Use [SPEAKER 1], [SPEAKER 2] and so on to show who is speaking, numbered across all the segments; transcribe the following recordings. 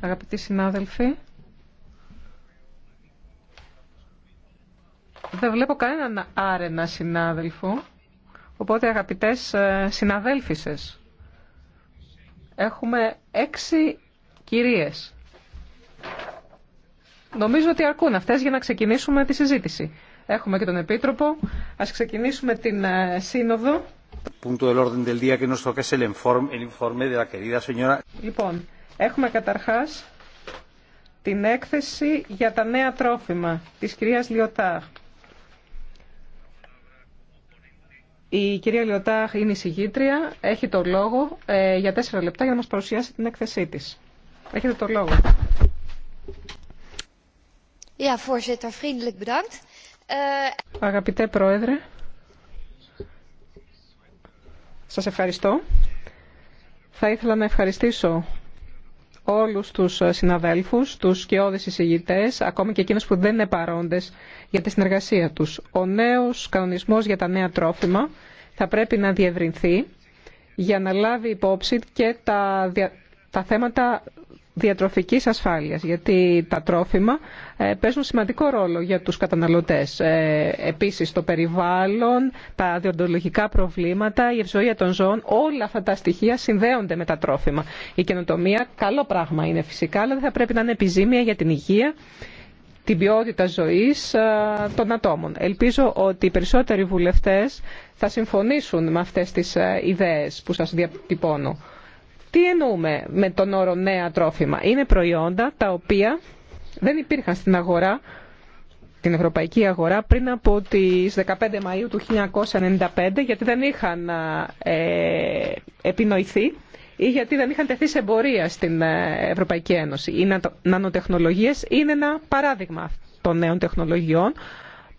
[SPEAKER 1] Αγαπητοί συνάδελφοι, δεν βλέπω κανέναν άρενα συνάδελφο, οπότε αγαπητές ε, συναδέλφισες, έχουμε έξι κυρίες Νομίζω ότι αρκούν αυτές για να ξεκινήσουμε τη συζήτηση. Έχουμε και τον Επίτροπο. Ας ξεκινήσουμε την ε, σύνοδο. Λοιπόν, έχουμε καταρχάς την έκθεση για τα νέα τρόφιμα της κυρίας Λιωτάρ. Η κυρία Λιωτάρ είναι η συγγήτρια, έχει το λόγο ε, για τέσσερα λεπτά για να μας παρουσιάσει την έκθεσή της. Έχετε το λόγο
[SPEAKER 2] voorzitter vriendelijk bedankt. Eh,
[SPEAKER 1] αγαπητέ πρόεδρε σας ευχαριστώ. Θα ήθελα να ευχαριστήσω όλους τους συναδέλφους, τους σκιώδεις εισηγητές, ακόμη και εκείνους που δεν είναι παρόντες για τη συνεργασία τους. Ο νέος κανονισμός για τα νέα τρόφιμα θα πρέπει να διευρυνθεί για να λάβει υπόψη και τα θέματα διατροφικής ασφάλειας, γιατί τα τρόφιμα ε, παίζουν σημαντικό ρόλο για τους καταναλωτές. Ε, επίσης το περιβάλλον, τα διοντολογικά προβλήματα, η ευζοία των ζώων, όλα αυτά τα στοιχεία συνδέονται με τα τρόφιμα. Η καινοτομία καλό πράγμα είναι φυσικά, αλλά δεν θα πρέπει να είναι επιζήμια για την υγεία την ποιότητα ζωής ε, των ατόμων. Ελπίζω ότι οι περισσότεροι βουλευτές θα συμφωνήσουν με αυτές τις ιδέες που σας διατυπώνω. Τι εννοούμε με τον όρο νέα τρόφιμα. Είναι προϊόντα τα οποία δεν υπήρχαν στην αγορά, την ευρωπαϊκή αγορά, πριν από τις 15 Μαΐου του 1995, γιατί δεν είχαν ε, επινοηθεί ή γιατί δεν είχαν τεθεί σε εμπορία στην ε, Ευρωπαϊκή Ένωση. Οι νανοτεχνολογίες είναι ένα παράδειγμα των νέων τεχνολογιών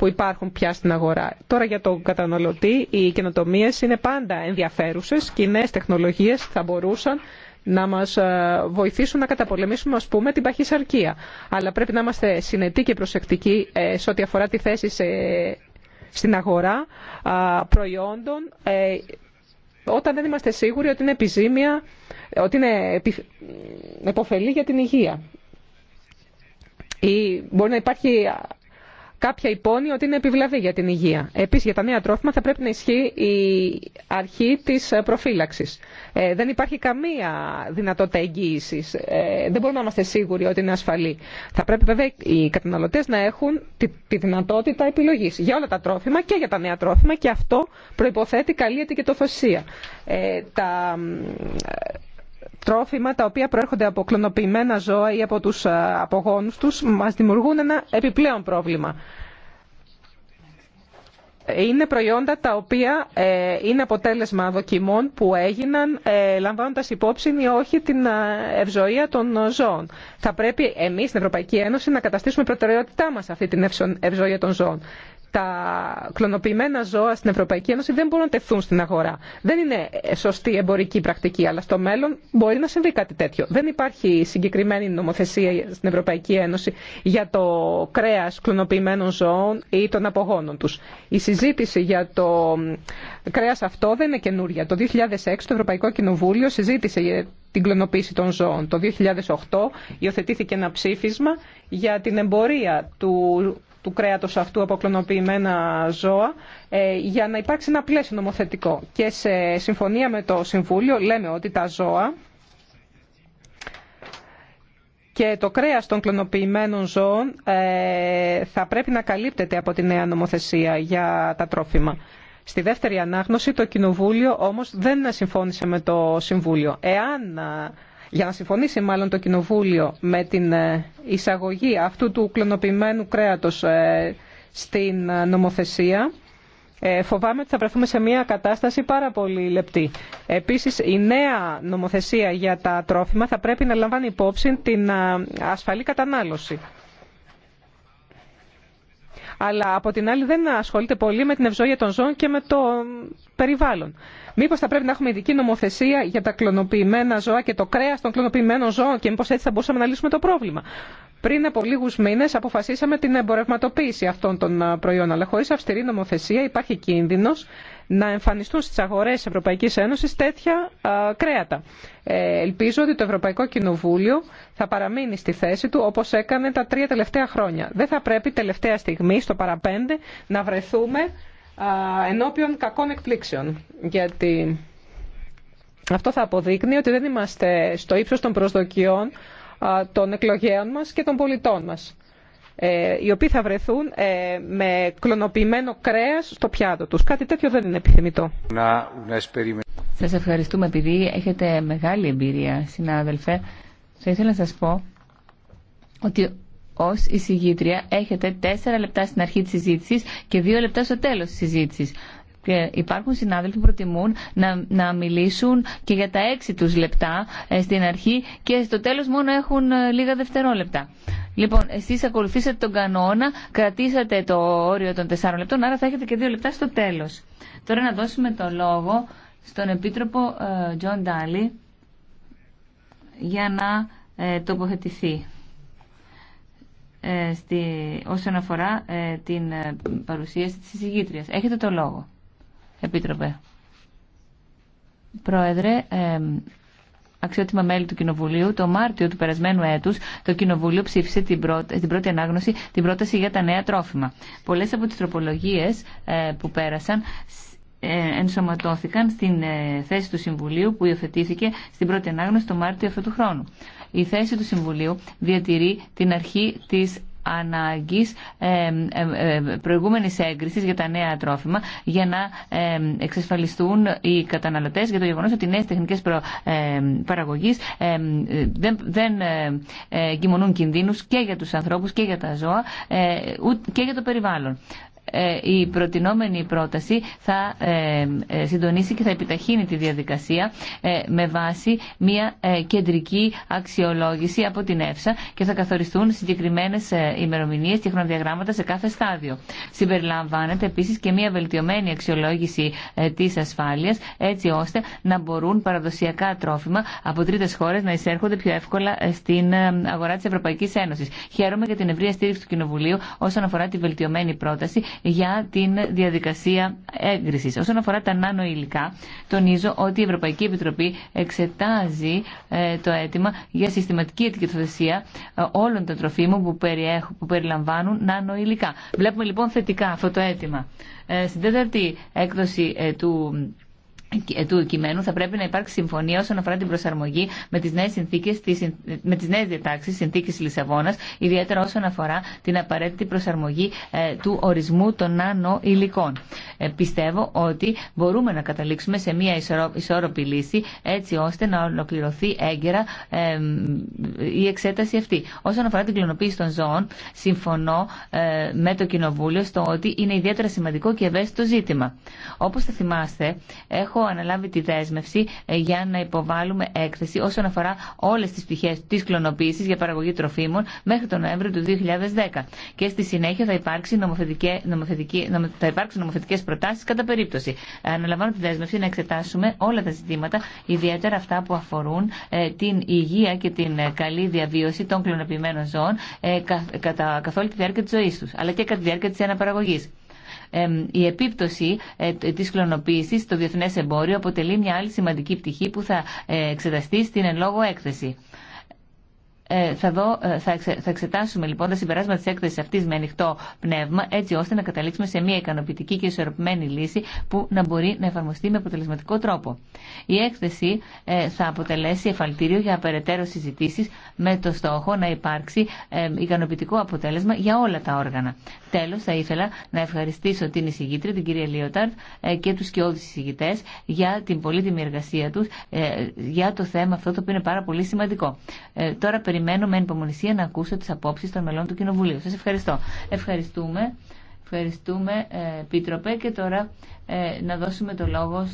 [SPEAKER 1] που υπάρχουν πια στην αγορά. Τώρα για τον καταναλωτή οι καινοτομίε είναι πάντα ενδιαφέρουσε. και οι τεχνολογίες θα μπορούσαν να μα ε, βοηθήσουν να καταπολεμήσουμε α πούμε την παχυσαρκία. Αλλά πρέπει να είμαστε συνετοί και προσεκτικοί ε, σε ό,τι αφορά τη θέση σε... στην αγορά προϊόντων ε, όταν δεν είμαστε σίγουροι ότι είναι επιζήμια, ότι είναι επωφελή για την υγεία. μπορεί να υπάρχει κάποια υπόνοια ότι είναι επιβλαβή για την υγεία. Επίση, για τα νέα τρόφιμα θα πρέπει να ισχύει η αρχή τη ε, προφύλαξη. Ε, δεν υπάρχει καμία δυνατότητα εγγύηση. Ε, δεν μπορούμε να είμαστε σίγουροι ότι είναι ασφαλή. Θα πρέπει βέβαια οι καταναλωτέ να έχουν τη, δυνατότητα επιλογή για όλα τα τρόφιμα και για τα νέα τρόφιμα και αυτό προποθέτει καλή ετικετοθοσία. Ε, τα τρόφιμα τα οποία προέρχονται από κλωνοποιημένα ζώα ή από τους ε, απογόνους τους μας δημιουργούν ένα επιπλέον πρόβλημα είναι προϊόντα τα οποία ε, είναι αποτέλεσμα δοκιμών που έγιναν ε, λαμβάνοντας υπόψη ή όχι την ε, ευζοία των ζώων. Θα πρέπει εμείς στην Ευρωπαϊκή Ένωση να καταστήσουμε προτεραιότητά μας αυτή την ευζοία των ζώων. Τα κλωνοποιημένα ζώα στην Ευρωπαϊκή Ένωση δεν μπορούν να τεθούν στην αγορά. Δεν είναι σωστή εμπορική πρακτική, αλλά στο μέλλον μπορεί να συμβεί κάτι τέτοιο. Δεν υπάρχει συγκεκριμένη νομοθεσία στην Ευρωπαϊκή Ένωση για το κρέας κλωνοποιημένων ζώων ή των απογόνων τους συζήτηση για το κρέας αυτό δεν είναι καινούρια. Το 2006 το Ευρωπαϊκό Κοινοβούλιο συζήτησε την κλωνοποίηση των ζώων. Το 2008 υιοθετήθηκε ένα ψήφισμα για την εμπορία του, του κρέατος αυτού από κλωνοποιημένα ζώα ε, για να υπάρξει ένα πλαίσιο νομοθετικό. Και σε συμφωνία με το Συμβούλιο λέμε ότι τα ζώα και το κρέας των κλωνοποιημένων ζώων ε, θα πρέπει να καλύπτεται από τη νέα νομοθεσία για τα τρόφιμα. Στη δεύτερη ανάγνωση το Κοινοβούλιο όμως δεν συμφώνησε με το Συμβούλιο. Εάν, ε, για να συμφωνήσει μάλλον το Κοινοβούλιο με την ε, εισαγωγή αυτού του κλωνοποιημένου κρέατος στην νομοθεσία ε, φοβάμαι ότι θα βρεθούμε σε μια κατάσταση πάρα πολύ λεπτή. Επίσης, η νέα νομοθεσία για τα τρόφιμα θα πρέπει να λαμβάνει υπόψη την ασφαλή κατανάλωση. Αλλά από την άλλη δεν ασχολείται πολύ με την ευζόγεια των ζώων και με το περιβάλλον. Μήπως θα πρέπει να έχουμε ειδική νομοθεσία για τα κλωνοποιημένα ζώα και το κρέας των κλωνοποιημένων ζώων και μήπως έτσι θα μπορούσαμε να λύσουμε το πρόβλημα. Πριν από λίγου μήνε αποφασίσαμε την εμπορευματοποίηση αυτών των προϊόντων, αλλά χωρί αυστηρή νομοθεσία υπάρχει κίνδυνο να εμφανιστούν στι αγορέ Ευρωπαϊκή Ένωση τέτοια κρέατα. Ε, ελπίζω ότι το Ευρωπαϊκό Κοινοβούλιο θα παραμείνει στη θέση του όπω έκανε τα τρία τελευταία χρόνια. Δεν θα πρέπει τελευταία στιγμή, στο παραπέντε, να βρεθούμε ενώπιον κακών εκπλήξεων. Γιατί αυτό θα αποδείκνει ότι δεν είμαστε στο ύψος των προσδοκιών των εκλογέων μας και των πολιτών μας ε, οι οποίοι θα βρεθούν ε, με κλωνοποιημένο
[SPEAKER 2] κρέας στο πιάτο τους. Κάτι τέτοιο δεν είναι επιθυμητό. Να, Σας ευχαριστούμε επειδή έχετε μεγάλη εμπειρία, συνάδελφε. Θα ήθελα να σας πω ότι ω εισηγήτρια έχετε τέσσερα λεπτά στην αρχή τη συζήτηση και δύο λεπτά στο τέλο τη συζήτηση. Και υπάρχουν συνάδελφοι που προτιμούν να, να μιλήσουν και για τα έξι τους λεπτά ε, στην αρχή και στο τέλος μόνο έχουν ε, λίγα δευτερόλεπτα. Λοιπόν, εσείς ακολουθήσατε τον κανόνα, κρατήσατε το όριο των τεσσάρων λεπτών, άρα θα έχετε και δύο λεπτά στο τέλος. Τώρα να δώσουμε το λόγο στον Επίτροπο ε, Τζον Ντάλι για να τοποθετηθεί. Ε, στη, όσον αφορά ε, την ε, παρουσίαση της εισηγήτριας. Έχετε το λόγο, Επίτροπε. Πρόεδρε, αξιότιμα μέλη του Κοινοβουλίου, το Μάρτιο του περασμένου έτους το Κοινοβούλιο ψήφισε την πρώτη, πρώτη ανάγνωση την πρόταση για τα νέα τρόφιμα. Πολλές από τις τροπολογίες που πέρασαν ε, ενσωματώθηκαν στην ε, θέση του Συμβουλίου που υιοθετήθηκε στην πρώτη ανάγνωση το Μάρτιο αυτού του χρόνου. Η θέση του Συμβουλίου διατηρεί την αρχή της ανάγκης ε, ε, ε προηγούμενης έγκρισης για τα νέα τρόφιμα για να εξασφαλιστούν οι καταναλωτές για το γεγονός ότι οι νέες τεχνικές παραγωγής δεν, δεν εγκυμονούν κινδύνους και για τους ανθρώπους και για τα ζώα και για το περιβάλλον. Ε, η προτινόμενη πρόταση θα ε, ε, συντονίσει και θα επιταχύνει τη διαδικασία με βάση μια κεντρική αξιολόγηση από την ΕΦΣΑ και θα καθοριστούν συγκεκριμένε ημερομηνίε και χρονοδιαγράμματα σε κάθε στάδιο. Συμπεριλαμβάνεται επίση και μια βελτιωμένη αξιολόγηση τη ασφάλεια έτσι ώστε να μπορούν παραδοσιακά τρόφιμα από τρίτε χώρε να εισέρχονται πιο εύκολα στην αγορά τη Ευρωπαϊκή Ένωση. Χαίρομαι για την ευρία στήριξη του Κοινοβουλίου όσον αφορά τη βελτιωμένη πρόταση για την διαδικασία έγκριση. Όσον αφορά τα νάνο τονίζω ότι η Ευρωπαϊκή Επιτροπή εξετάζει ε, το αίτημα για συστηματική ετικετοθεσία ε, όλων των τροφίμων που, περιέχουν, που περιλαμβάνουν νάνο Βλέπουμε λοιπόν θετικά αυτό το αίτημα. Ε, στην τέταρτη έκδοση του ε, του κειμένου θα πρέπει να υπάρξει συμφωνία όσον αφορά την προσαρμογή με τι νέε συνθήκε με τις νέες διατάξεις συνθήκης Λισαβόνας, ιδιαίτερα όσον αφορά την απαραίτητη προσαρμογή ε, του ορισμού των νάνο υλικών. Ε, πιστεύω ότι μπορούμε να καταλήξουμε σε μια ισόρροπη λύση έτσι ώστε να ολοκληρωθεί έγκαιρα η εξέταση αυτή. Όσον αφορά την κλωνοποίηση των ζώων, συμφωνώ με το Κοινοβούλιο στο ότι είναι ιδιαίτερα σημαντικό και ευαίσθητο ζήτημα. Όπω θα θυμάστε, έχω αναλάβει τη δέσμευση ε, για να υποβάλουμε έκθεση όσον αφορά όλε τι πτυχέ τη κλωνοποίηση για παραγωγή τροφίμων μέχρι τον Νοέμβριο του 2010. Και στη συνέχεια θα, υπάρξουν νομοθετικέ προτάσει κατά περίπτωση. Ε, αναλαμβάνω τη δέσμευση να εξετάσουμε όλα τα ζητήματα, ιδιαίτερα αυτά που αφορούν ε, την υγεία και την καλή διαβίωση των κλωνοποιημένων ζώων καθ' όλη τη διάρκεια τη ζωή του, αλλά και κατά τη διάρκεια τη αναπαραγωγή η επίπτωση ε, της κλωνοποίησης στο διεθνές εμπόριο αποτελεί μια άλλη σημαντική πτυχή που θα ε, εξεταστεί στην εν λόγω έκθεση. Ε, θα, δω, θα εξετάσουμε λοιπόν τα συμπεράσματα τη έκθεση αυτή με ανοιχτό πνεύμα, έτσι ώστε να καταλήξουμε σε μια ικανοποιητική και ισορροπημένη λύση που να μπορεί να εφαρμοστεί με αποτελεσματικό τρόπο. Η έκθεση θα αποτελέσει εφαλτήριο για περαιτέρω συζητήσει με το στόχο να υπάρξει ικανοποιητικό αποτέλεσμα για όλα τα όργανα. Τέλος, θα ήθελα να ευχαριστήσω την εισηγήτρια, την κυρία Λίοταρτ ε, και του όλους εισηγητέ για την πολύτιμη εργασία του ε, για το θέμα αυτό το οποίο είναι πάρα πολύ σημαντικό. Ε, τώρα περιμένω με υπομονησία να ακούσω τις απόψει των μελών του Κοινοβουλίου. Σας ευχαριστώ. Ευχαριστούμε. Ευχαριστούμε, Πίτροπε, και τώρα να δώσουμε το λόγο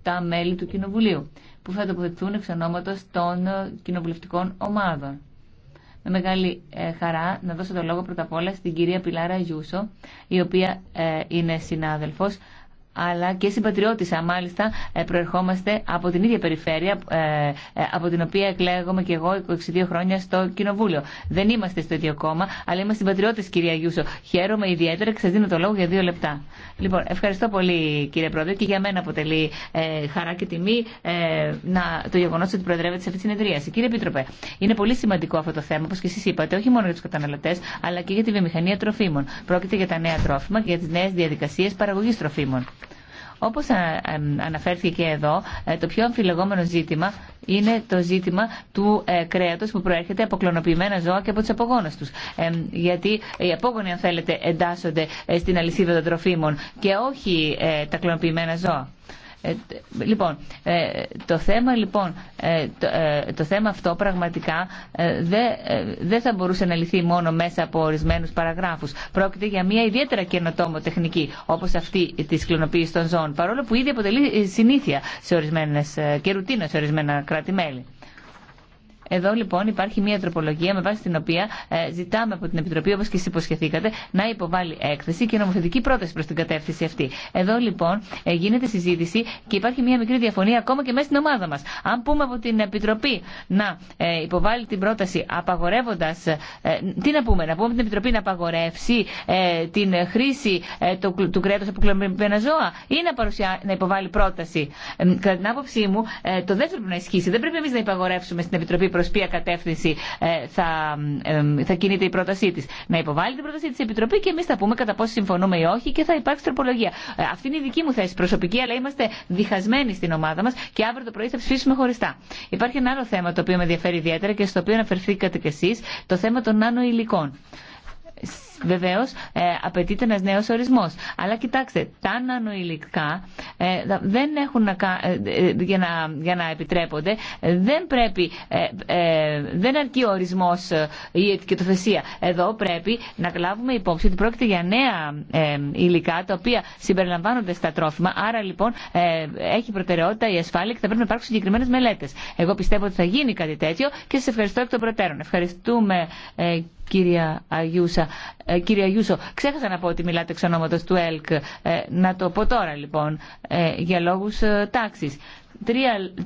[SPEAKER 2] στα μέλη του Κοινοβουλίου, που θα τοποθετηθούν εξ ονόματος των κοινοβουλευτικών ομάδων με μεγάλη ε, χαρά να δώσω το λόγο πρώτα απ' όλα στην κυρία Πιλάρα Γιούσο, η οποία ε, είναι συνάδελφος αλλά και συμπατριώτησα μάλιστα ε, προερχόμαστε από την ίδια περιφέρεια ε, ε, από την οποία εκλέγομαι και εγώ 22 χρόνια στο Κοινοβούλιο. Δεν είμαστε στο ίδιο κόμμα, αλλά είμαστε συμπατριώτε κυρία Γιούσο. Χαίρομαι ιδιαίτερα και σα δίνω το λόγο για δύο λεπτά. Λοιπόν, ευχαριστώ πολύ κύριε Πρόεδρε και για μένα αποτελεί ε, χαρά και τιμή να, το γεγονό ότι προεδρεύεται σε αυτή τη συνεδρίαση. Κύριε Επίτροπε, είναι πολύ σημαντικό αυτό το θέμα, όπω και εσεί είπατε, όχι μόνο για του καταναλωτέ, αλλά και για τη βιομηχανία τροφίμων. Πρόκειται για τα νέα τρόφιμα και για τι νέε διαδικασίε παραγωγή τροφίμων. Όπως ε, ε, αναφέρθηκε εδώ, ε, το πιο αμφιλεγόμενο ζήτημα είναι το ζήτημα του κρέατος που προέρχεται από κλωνοποιημένα ζώα και από τους απογόνους τους. Γιατί οι απόγονοι, αν θέλετε, εντάσσονται στην αλυσίδα των τροφίμων και όχι τα κλωνοποιημένα ζώα. Ε, λοιπόν, ε, το θέμα, λοιπόν ε, το, το θέμα αυτό πραγματικά δεν δε θα μπορούσε να λυθεί μόνο μέσα από ορισμένους παραγράφους. Πρόκειται για μια ιδιαίτερα καινοτόμο τεχνική, όπως αυτή της κλωνοποίησης των ζώων, παρόλο που ήδη αποτελεί συνήθεια σε ορισμένες, και ρουτίνα σε ορισμένα κράτη-μέλη. Εδώ λοιπόν υπάρχει μια τροπολογία με βάση την οποία ε, ζητάμε από την Επιτροπή, όπω και εσεί υποσχεθήκατε, να υποβάλει έκθεση και νομοθετική πρόταση προ την κατεύθυνση αυτή. Εδώ λοιπόν ε, γίνεται συζήτηση και υπάρχει μια μικρή διαφωνία ακόμα και μέσα στην ομάδα μα. Αν πούμε από την Επιτροπή να ε, υποβάλει την πρόταση απαγορεύοντα. τι να πούμε, να πούμε από την Επιτροπή να απαγορεύσει την χρήση του κρέατο από κλωμμένα ζώα ή να, παρουσιά, να υποβάλει πρόταση. κατά την άποψή μου, το δεν πρέπει να ισχύσει. Δεν πρέπει εμεί να υπαγορεύσουμε στην Επιτροπή προς ποια κατεύθυνση ε, θα, θα κινείται η πρότασή της. Να υποβάλει την πρότασή της Επιτροπή και εμείς θα πούμε κατά πόσο συμφωνούμε ή όχι και θα υπάρξει τροπολογία. Ε, αυτή είναι η δική μου θέση προσωπική, αλλά είμαστε διχασμένοι στην ομάδα μας και αύριο το πρωί θα ψηφίσουμε χωριστά. Υπάρχει ένα άλλο θέμα το οποίο με ενδιαφέρει ιδιαίτερα και στο οποίο αναφερθήκατε κι εσείς, το θέμα των υλικών. Βεβαίω, ε, απαιτείται ένα νέο ορισμό. Αλλά κοιτάξτε, τα νανοηλικά ε, δεν έχουν να, ε, ε, για, να, για να επιτρέπονται, ε, δεν πρέπει, ε, δεν αρκεί ο ορισμό ή η ετικετοθεσία. Εδώ πρέπει να λάβουμε υπόψη ότι πρόκειται για νέα υλικά τα οποία συμπεριλαμβάνονται στα τρόφιμα. Άρα λοιπόν έχει προτεραιότητα η ασφάλεια και θα πρέπει να υπάρξουν συγκεκριμένε μελέτε. Εγώ πιστεύω ότι θα γίνει κάτι τέτοιο και σα ευχαριστώ εκ των προτέρων. Ευχαριστούμε κυρία Αγιούσα κυρία ε, κύριε Γιούσο, ξέχασα να πω ότι μιλάτε εξ ονόματος του ΕΛΚ. Ε, να το πω τώρα λοιπόν, ε, για λόγους τάξης.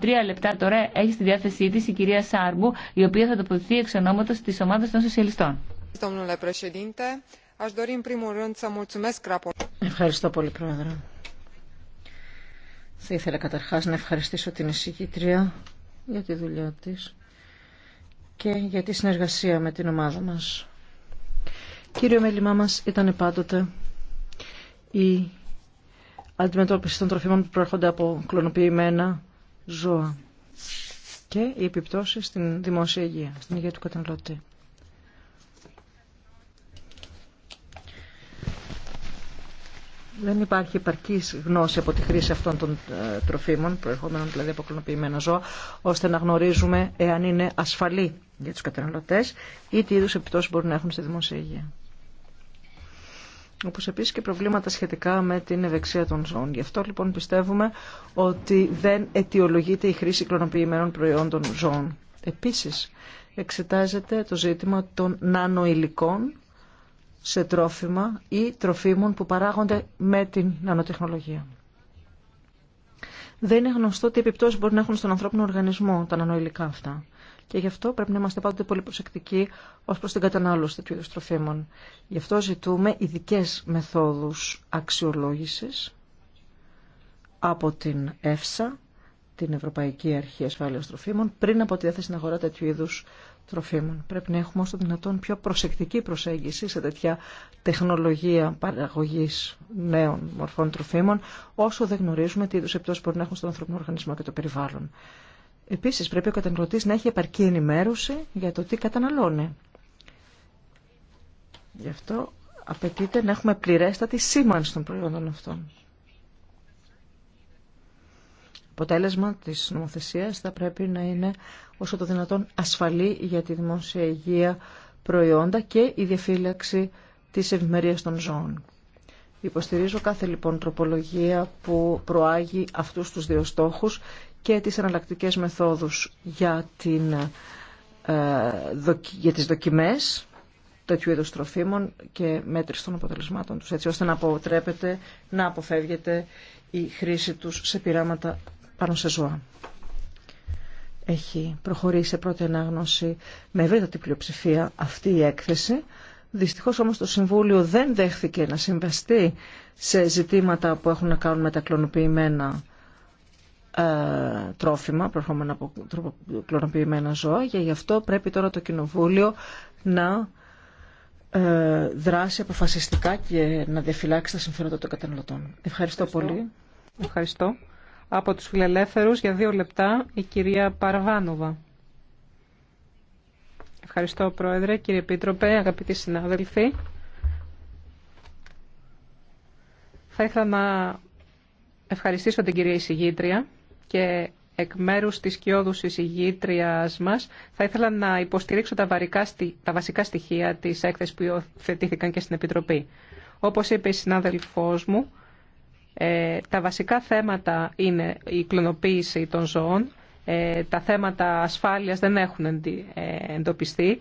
[SPEAKER 2] Τρία, λεπτά τώρα έχει στη διάθεσή της η κυρία Σάρμπου, η οποία θα τοποθετηθεί εξ ονόματος της ομάδας των σοσιαλιστών. Ευχαριστώ
[SPEAKER 3] πολύ, Πρόεδρε. Θα ήθελα καταρχάς να ευχαριστήσω την εισηγήτρια για τη δουλειά της και για τη συνεργασία με την ομάδα μας. Κύριο μέλημά μας ήταν πάντοτε η αντιμετώπιση των τροφίμων που προέρχονται από κλωνοποιημένα ζώα και οι επιπτώσεις στην δημόσια υγεία, στην υγεία του καταναλωτή. Δεν υπάρχει επαρκή γνώση από τη χρήση αυτών των ε, τροφίμων, προερχόμενων δηλαδή από κλωνοποιημένα ζώα, ώστε να γνωρίζουμε εάν είναι ασφαλή για τους καταναλωτές ή τι είδους επιπτώσεις μπορούν να έχουν στη δημόσια υγεία όπως επίσης και προβλήματα σχετικά με την ευεξία των ζώων. Γι' αυτό λοιπόν πιστεύουμε ότι δεν αιτιολογείται η χρήση κλωνοποιημένων προϊόντων ζώων. Επίσης, εξετάζεται το ζήτημα των νανοηλικών σε τρόφιμα ή τροφίμων που παράγονται με την νανοτεχνολογία. Δεν είναι γνωστό τι επιπτώσεις μπορεί να έχουν στον ανθρώπινο οργανισμό τα νανοηλικά αυτά. Και γι' αυτό πρέπει να είμαστε πάντοτε πολύ προσεκτικοί ω προ την κατανάλωση τέτοιου είδου τροφίμων. Γι' αυτό ζητούμε ειδικέ μεθόδου αξιολόγηση από την ΕΦΣΑ, την Ευρωπαϊκή Αρχή Ασφάλεια Τροφίμων, πριν από τη διάθεση στην αγορά τέτοιου είδου τροφίμων. Πρέπει να έχουμε όσο δυνατόν πιο προσεκτική προσέγγιση σε τέτοια τεχνολογία παραγωγή νέων μορφών τροφίμων, όσο δεν γνωρίζουμε τι είδου επιπτώσει μπορεί να έχουν στον ανθρώπινο οργανισμό και το περιβάλλον. Επίση, πρέπει ο καταναλωτή να έχει επαρκή ενημέρωση για το τι καταναλώνει. Γι' αυτό απαιτείται να έχουμε πληρέστατη σήμανση των προϊόντων αυτών. Αποτέλεσμα της νομοθεσία θα πρέπει να είναι όσο το δυνατόν ασφαλή για τη δημόσια υγεία προϊόντα και η διαφύλαξη της ευημερία των ζώων. Υποστηρίζω κάθε λοιπόν τροπολογία που προάγει αυτούς τους δύο στόχους και τις εναλλακτικές μεθόδους για, την, ε, για τις δοκιμές τέτοιου είδους τροφίμων και μέτρηση των αποτελεσμάτων τους, έτσι ώστε να αποτρέπεται, να αποφεύγεται η χρήση τους σε πειράματα πάνω σε ζώα. Έχει προχωρήσει σε πρώτη ανάγνωση με ευρύτατη πλειοψηφία αυτή η έκθεση. Δυστυχώς όμως το Συμβούλιο δεν δέχθηκε να συμβαστεί σε ζητήματα που έχουν να κάνουν με τα κλωνοποιημένα ε, τρόφιμα προχώμενα από κλωνοποιημένα ζώα και γι' αυτό πρέπει τώρα το Κοινοβούλιο να ε, δράσει αποφασιστικά και να διαφυλάξει τα συμφέροντα των καταναλωτών. Ευχαριστώ, πολύ. Ευχαριστώ. Από τους φιλελεύθερους για δύο λεπτά η
[SPEAKER 1] κυρία Παραβάνοβα. Ευχαριστώ Πρόεδρε, κύριε Επίτροπε, αγαπητοί συνάδελφοι. Θα ήθελα να ευχαριστήσω την κυρία εισηγήτρια και εκ μέρους της κοιόδους εισηγήτριας μας θα ήθελα να υποστηρίξω τα, τα βασικά στοιχεία της έκθεσης που υιοθετήθηκαν και στην Επιτροπή. Όπως είπε η συνάδελφός μου, ε, τα βασικά θέματα είναι η κλωνοποίηση των ζώων, ε, τα θέματα ασφάλειας δεν έχουν ε, εντοπιστεί,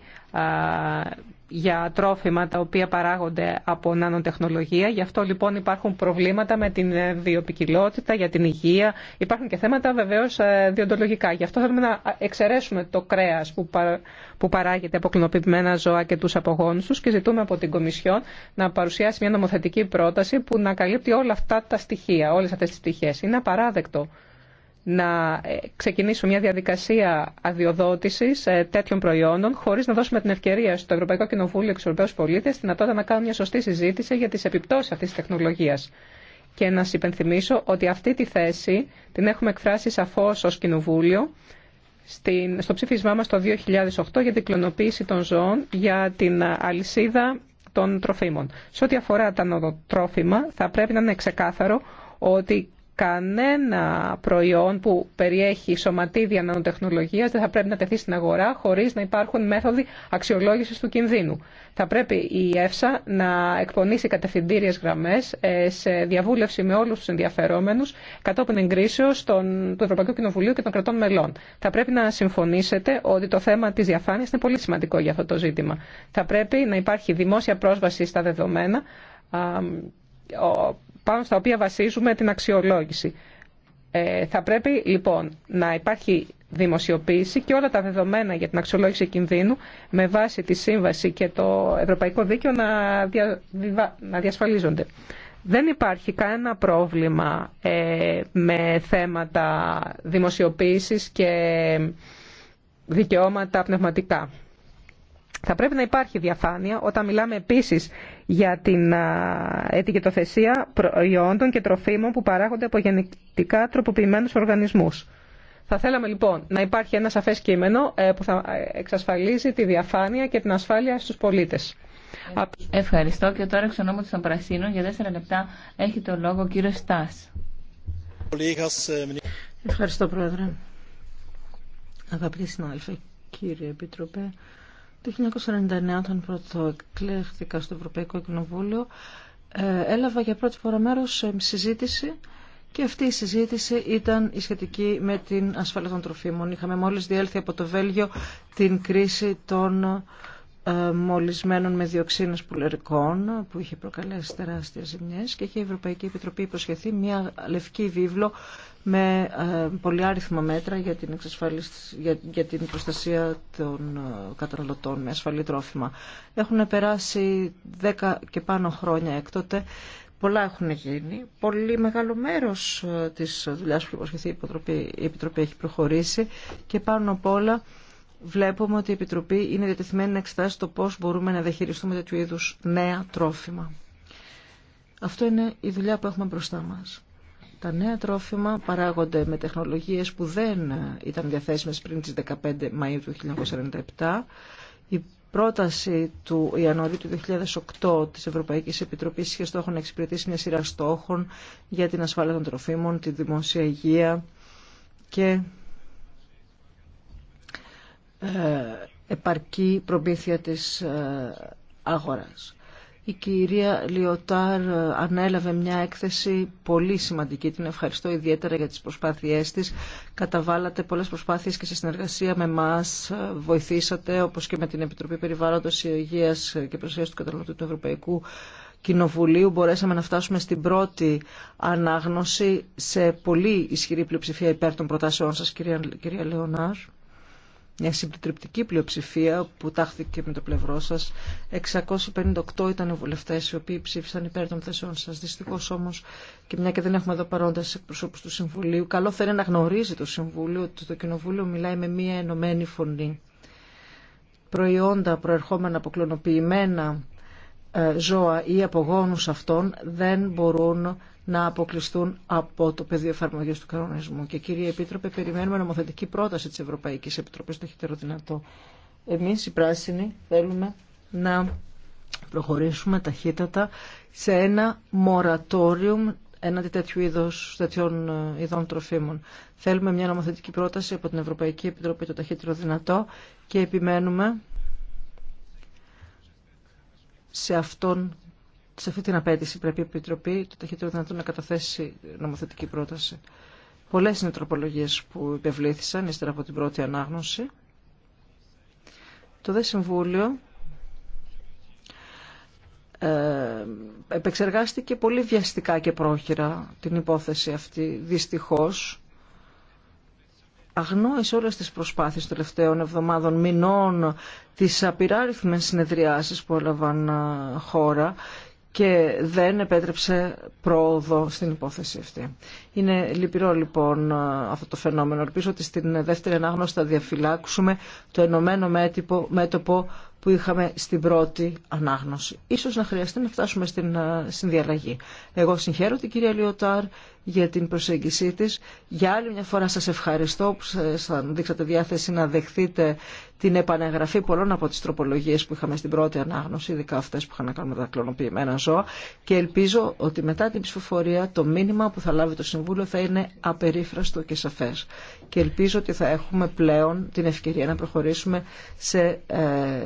[SPEAKER 1] για τρόφιμα τα οποία παράγονται από νανοτεχνολογία. Γι' αυτό λοιπόν υπάρχουν προβλήματα με την βιοπικιλότητα, για την υγεία. Υπάρχουν και θέματα βεβαίω ε, διοντολογικά. Γι' αυτό θέλουμε να εξαιρέσουμε το κρέα που παράγεται από κλωνοποιημένα ζώα και του απογόνου του και ζητούμε από την Κομισιόν να παρουσιάσει μια νομοθετική πρόταση που να καλύπτει όλα αυτά τα στοιχεία, όλε αυτέ τι πτυχέ. Είναι απαράδεκτο να ε, ξεκινήσουμε μια διαδικασία αδειοδότηση ε, τέτοιων προϊόντων χωρί να δώσουμε την ευκαιρία στο Ευρωπαϊκό Κοινοβούλιο και στου Ευρωπαίου Πολίτε τη δυνατότητα να κάνουν μια σωστή συζήτηση για τι επιπτώσει αυτή τη τεχνολογία. Και να σα υπενθυμίσω ότι αυτή τη θέση την έχουμε εκφράσει σαφώ ω Κοινοβούλιο στο ψήφισμά μα το 2008 για την κλωνοποίηση των ζώων για την αλυσίδα των τροφίμων. Σε ό,τι αφορά τα νοοτρόφιμα θα πρέπει να είναι ξεκάθαρο ότι κανένα προϊόν που περιέχει σωματίδια νανοτεχνολογίας δεν θα πρέπει να τεθεί στην αγορά χωρί να υπάρχουν μέθοδοι αξιολόγηση του κινδύνου. Θα πρέπει η ΕΦΣΑ να εκπονήσει κατευθυντήριε γραμμέ ε, σε διαβούλευση με όλου του ενδιαφερόμενους κατόπιν εγκρίσεω του Ευρωπαϊκού Κοινοβουλίου και των κρατών μελών. Θα πρέπει να συμφωνήσετε ότι το θέμα τη διαφάνεια είναι πολύ σημαντικό για αυτό το ζήτημα. Θα πρέπει να υπάρχει δημόσια πρόσβαση στα δεδομένα πάνω στα οποία βασίζουμε την αξιολόγηση. Ε, θα πρέπει λοιπόν να υπάρχει δημοσιοποίηση και όλα τα δεδομένα για την αξιολόγηση κινδύνου με βάση τη σύμβαση και το ευρωπαϊκό δίκαιο να, να διασφαλίζονται. Δεν υπάρχει κανένα πρόβλημα ε, με θέματα δημοσιοποίησης και δικαιώματα πνευματικά. Θα πρέπει να υπάρχει διαφάνεια όταν μιλάμε επίσης για την ετικετοθεσία προϊόντων και τροφίμων που παράγονται από γενετικά τροποποιημένους οργανισμούς. Θα θέλαμε λοιπόν να υπάρχει ένα σαφές κείμενο ε, που θα εξασφαλίζει τη διαφάνεια και την ασφάλεια στους
[SPEAKER 2] πολίτες. Ευχαριστώ και τώρα εξ ονόματος των Πρασίνων για τέσσερα λεπτά έχει το λόγο ο κύριος Στάς.
[SPEAKER 4] Ε,
[SPEAKER 2] Ευχαριστώ Πρόεδρε.
[SPEAKER 3] Αγαπητοί συνάδελφοι, κύριε Επίτροπε, το 1999 όταν πρωτοεκλέχθηκα στο Ευρωπαϊκό Κοινοβούλιο ε, έλαβα για πρώτη φορά μέρος σε συζήτηση και αυτή η συζήτηση ήταν η σχετική με την ασφάλεια των τροφίμων. Είχαμε μόλις διέλθει από το Βέλγιο την κρίση των ε, μολυσμένων με διοξίνες πουλερικών που είχε προκαλέσει τεράστιες ζημιές και είχε η Ευρωπαϊκή Επιτροπή υποσχεθεί μια λευκή βίβλο με ε, πολύ άριθμα μέτρα για την, για, για την προστασία των ε, καταναλωτών με ασφαλή τρόφιμα. Έχουν περάσει δέκα και πάνω χρόνια έκτοτε. Πολλά έχουν γίνει. Πολύ μεγάλο μέρος της δουλειά που υποσχεθεί Επιτροπή, η Επιτροπή έχει προχωρήσει και πάνω απ' όλα βλέπουμε ότι η Επιτροπή είναι διατεθειμένη να εξετάσει το πώς μπορούμε να διαχειριστούμε τέτοιου είδους νέα τρόφιμα. Αυτό είναι η δουλειά που έχουμε μπροστά μας. Τα νέα τρόφιμα παράγονται με τεχνολογίες που δεν ήταν διαθέσιμες πριν τις 15 Μαΐου του 1997. Η πρόταση του Ιανουαρίου του 2008 της Ευρωπαϊκής Επιτροπής είχε στόχο να εξυπηρετήσει μια σειρά στόχων για την ασφάλεια των τροφίμων, τη δημόσια υγεία και ε, επαρκή προμήθεια της ε, αγοράς. Η κυρία Λιωτάρ ε, ανέλαβε μια έκθεση πολύ σημαντική. Την ευχαριστώ ιδιαίτερα για τις προσπάθειές της. Καταβάλατε πολλές προσπάθειες και σε συνεργασία με μας βοηθήσατε, όπως και με την Επιτροπή Περιβάλλοντος Υγείας και Προστασίας του Καταναλωτή του Ευρωπαϊκού Κοινοβουλίου μπορέσαμε να φτάσουμε στην πρώτη ανάγνωση σε πολύ ισχυρή πλειοψηφία υπέρ των προτάσεών σας, κυρία, κυρία Λεωνάρ μια συμπληκτική πλειοψηφία που τάχθηκε με το πλευρό σα. 658 ήταν οι βουλευτέ οι οποίοι ψήφισαν υπέρ των θέσεων σα Δυστυχώ όμω και μια και δεν έχουμε εδώ παρόντας εκπροσώπου του Συμβουλίου, καλό θα είναι να γνωρίζει το Συμβούλιο ότι το Κοινοβούλιο μιλάει με μια ενωμένη φωνή. Προϊόντα προερχόμενα από κλωνοποιημένα ε, ζώα ή απογόνους αυτών δεν μπορούν να αποκλειστούν από το πεδίο εφαρμογή του κανονισμού. Και κύριε Επίτροπε, περιμένουμε νομοθετική πρόταση της Ευρωπαϊκής Επιτροπής το χειτερό δυνατό. Εμείς οι πράσινοι θέλουμε να προχωρήσουμε ταχύτατα σε ένα μορατόριο έναντι τέτοιου είδους, τέτοιων ε, ειδών τροφίμων. Θέλουμε μια νομοθετική πρόταση από την Ευρωπαϊκή Επιτροπή το ταχύτερο δυνατό και επιμένουμε σε αυτόν σε αυτή την απέτηση πρέπει η Επιτροπή το ταχύτερο δυνατόν να καταθέσει νομοθετική πρόταση. Πολλέ είναι τροπολογίε που υπευλήθησαν ύστερα από την πρώτη ανάγνωση. Το ΔΕ Συμβούλιο ε, επεξεργάστηκε πολύ βιαστικά και πρόχειρα την υπόθεση αυτή, δυστυχώς. Αγνόησε όλες τις προσπάθειες των τελευταίων εβδομάδων, μηνών, τις απειράριθμες συνεδριάσεις που έλαβαν ε, χώρα και δεν επέτρεψε πρόοδο στην υπόθεση αυτή. Είναι λυπηρό λοιπόν αυτό το φαινόμενο. Ελπίζω ότι στην δεύτερη ανάγνωση θα διαφυλάξουμε το ενωμένο μέτωπο, που είχαμε στην πρώτη ανάγνωση. Ίσως να χρειαστεί να φτάσουμε στην ε, συνδιαλλαγή. Εγώ συγχαίρω την κυρία Λιωτάρ για την προσέγγισή της. Για άλλη μια φορά σας ευχαριστώ που σας δείξατε διάθεση να δεχθείτε την επανεγραφή πολλών από τις τροπολογίες που είχαμε στην πρώτη ανάγνωση, ειδικά αυτές που είχαν να κάνουν με τα κλωνοποιημένα ζώα και ελπίζω ότι μετά την ψηφοφορία το μήνυμα που θα λάβει το Συμβούλιο θα είναι απερίφραστο και σαφές. Και ελπίζω ότι θα έχουμε πλέον την ευκαιρία να προχωρήσουμε σε ε,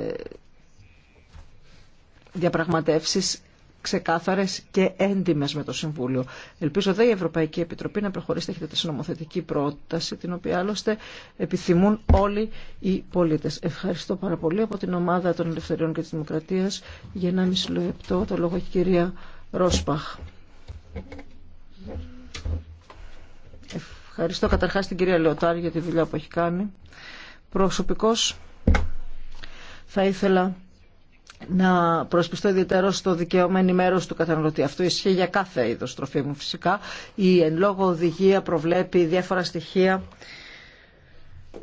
[SPEAKER 3] διαπραγματεύσεις ξεκάθαρες και έντιμες με το Συμβούλιο. Ελπίζω δε η Ευρωπαϊκή Επιτροπή να προχωρήσει έχετε τη νομοθετική πρόταση, την οποία άλλωστε επιθυμούν όλοι οι πολίτες. Ευχαριστώ πάρα πολύ από την ομάδα των Ελευθεριών και τη Δημοκρατία Για μισό λεπτό το λόγο έχει η κυρία Ρόσπαχ. Ευχαριστώ καταρχά την κυρία Λεωτάρη για τη δουλειά που έχει κάνει. Προσωπικώ θα ήθελα να προσπιστώ ιδιαίτερο στο δικαίωμα ενημέρωση του καταναλωτή. Αυτό ισχύει για κάθε είδο τροφίμου φυσικά. Η εν λόγω οδηγία προβλέπει διάφορα στοιχεία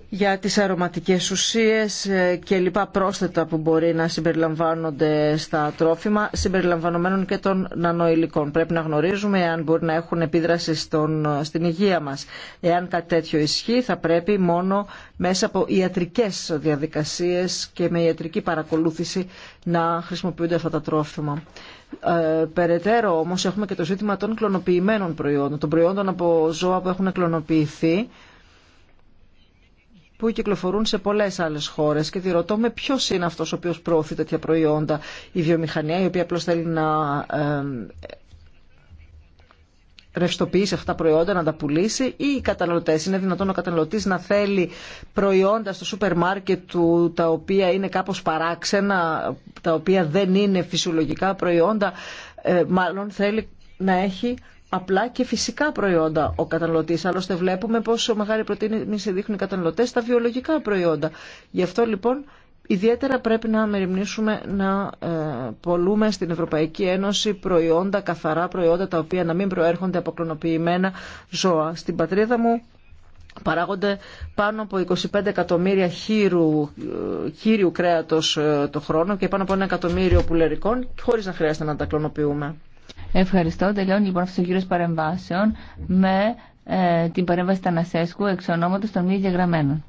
[SPEAKER 3] για τις αρωματικές ουσίες ε, και λοιπά πρόσθετα που μπορεί να συμπεριλαμβάνονται στα τρόφιμα συμπεριλαμβανομένων και των νανοηλικών. Πρέπει να γνωρίζουμε αν μπορεί να έχουν επίδραση στον, στην υγεία μας. Εάν κάτι τέτοιο ισχύει θα πρέπει μόνο μέσα από ιατρικές διαδικασίες και με ιατρική παρακολούθηση να χρησιμοποιούνται αυτά τα τρόφιμα. Ε, περαιτέρω όμως έχουμε και το ζήτημα των κλωνοποιημένων προϊόντων, των προϊόντων από ζώα που έχουν κλωνοποιηθεί που κυκλοφορούν σε πολλέ άλλε χώρε. Και διερωτώ με ποιο είναι αυτό ο οποίο προωθεί τέτοια προϊόντα. Η βιομηχανία, η οποία απλώ θέλει να ρευστοποιήσει αυτά τα προϊόντα, να τα πουλήσει ή οι καταναλωτέ. Είναι δυνατόν ο καταναλωτή να θέλει προϊόντα στο σούπερ μάρκετ του τα οποία είναι κάπω παράξενα, τα οποία δεν είναι φυσιολογικά προϊόντα. Ε, μάλλον θέλει να έχει απλά και φυσικά προϊόντα ο καταναλωτή. Άλλωστε, βλέπουμε πόσο μεγάλη προτίμηση δείχνουν οι καταναλωτέ στα βιολογικά προϊόντα. Γι' αυτό λοιπόν ιδιαίτερα πρέπει να μεριμνήσουμε να ε, πολλούμε στην Ευρωπαϊκή Ένωση προϊόντα, καθαρά προϊόντα τα οποία να μην προέρχονται από κλωνοποιημένα ζώα. Στην πατρίδα μου παράγονται πάνω από 25 εκατομμύρια χείρου, ε, χείριου κρέατος ε, το χρόνο και πάνω από ένα εκατομμύριο πουλερικών χωρίς να χρειάζεται να τα κλωνοποιούμε.
[SPEAKER 2] Ευχαριστώ. Τελειώνει λοιπόν αυτό ο κύριο παρεμβάσεων με ε, την παρέμβαση Τανασέσκου εξ ονόματο των μη διαγραμμένων.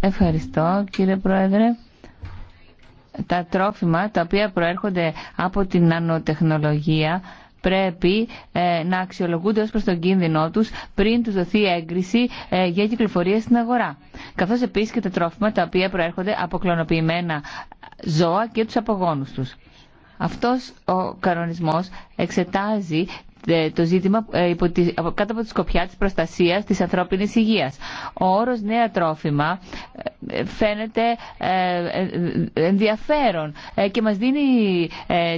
[SPEAKER 2] Ευχαριστώ κύριε Πρόεδρε. Τα τρόφιμα τα οποία προέρχονται από την νανοτεχνολογία πρέπει ε, να αξιολογούνται ως προς τον κίνδυνό τους πριν τους δοθεί έγκριση ε, για κυκλοφορία στην αγορά. Καθώς επίσης και τα τρόφιμα τα οποία προέρχονται από κλωνοποιημένα ζώα και τους απογόνους τους. Αυτός ο κανονισμός εξετάζει ε, το ζήτημα ε, υπό κάτω από τη σκοπιά της προστασίας της ανθρώπινης υγείας. Ο όρος νέα τρόφιμα ε, φαίνεται ενδιαφέρον και μας δίνει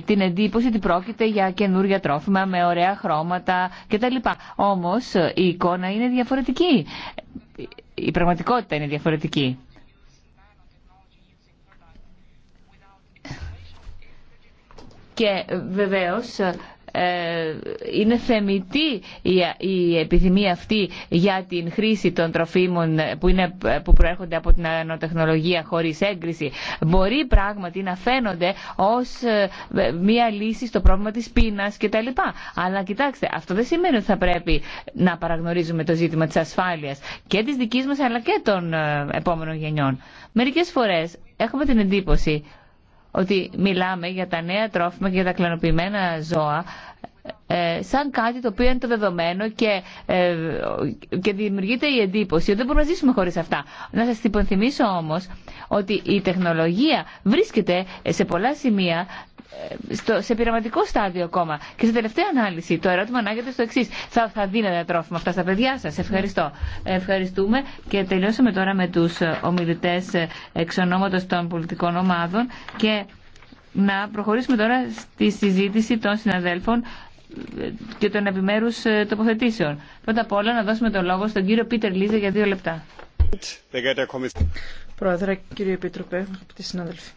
[SPEAKER 2] την εντύπωση ότι πρόκειται για καινούργια τρόφιμα με ωραία χρώματα κτλ. Όμως η εικόνα είναι διαφορετική. Η πραγματικότητα είναι διαφορετική. Και βεβαίως ε, είναι θεμητή η επιθυμία αυτή για την χρήση των τροφίμων που, είναι, που προέρχονται από την ανατεχνολογία χωρίς έγκριση μπορεί πράγματι να φαίνονται ως ε, μία λύση στο πρόβλημα της πείνας κτλ. Αλλά κοιτάξτε, αυτό δεν σημαίνει ότι θα πρέπει να παραγνωρίζουμε το ζήτημα της ασφάλειας και της δικής μας αλλά και των ε, επόμενων γενιών. Μερικές φορές έχουμε την εντύπωση ότι μιλάμε για τα νέα τρόφιμα και για τα κλανοποιημένα ζώα ε, σαν κάτι το οποίο είναι το δεδομένο και, ε, και δημιουργείται η εντύπωση ότι δεν μπορούμε να ζήσουμε χωρίς αυτά. Να σας υποθυμίσω όμως ότι η τεχνολογία βρίσκεται σε πολλά σημεία ε, στο, σε πειραματικό στάδιο ακόμα. Και σε τελευταία ανάλυση, το ερώτημα ανάγεται στο εξή. Θα, θα δίνετε τρόφιμα αυτά στα παιδιά σα. Ευχαριστώ. Ευχαριστούμε και τελειώσαμε τώρα με του ομιλητέ ε, εξ ονόματο των πολιτικών ομάδων και να προχωρήσουμε τώρα στη συζήτηση των συναδέλφων ε, και των επιμέρους τοποθετήσεων. Πρώτα απ' όλα να δώσουμε το λόγο στον κύριο Πίτερ Λίζε για δύο λεπτά. Πρόεδρε, κύριε Επίτροπε, αγαπητοί συνάδελφοι.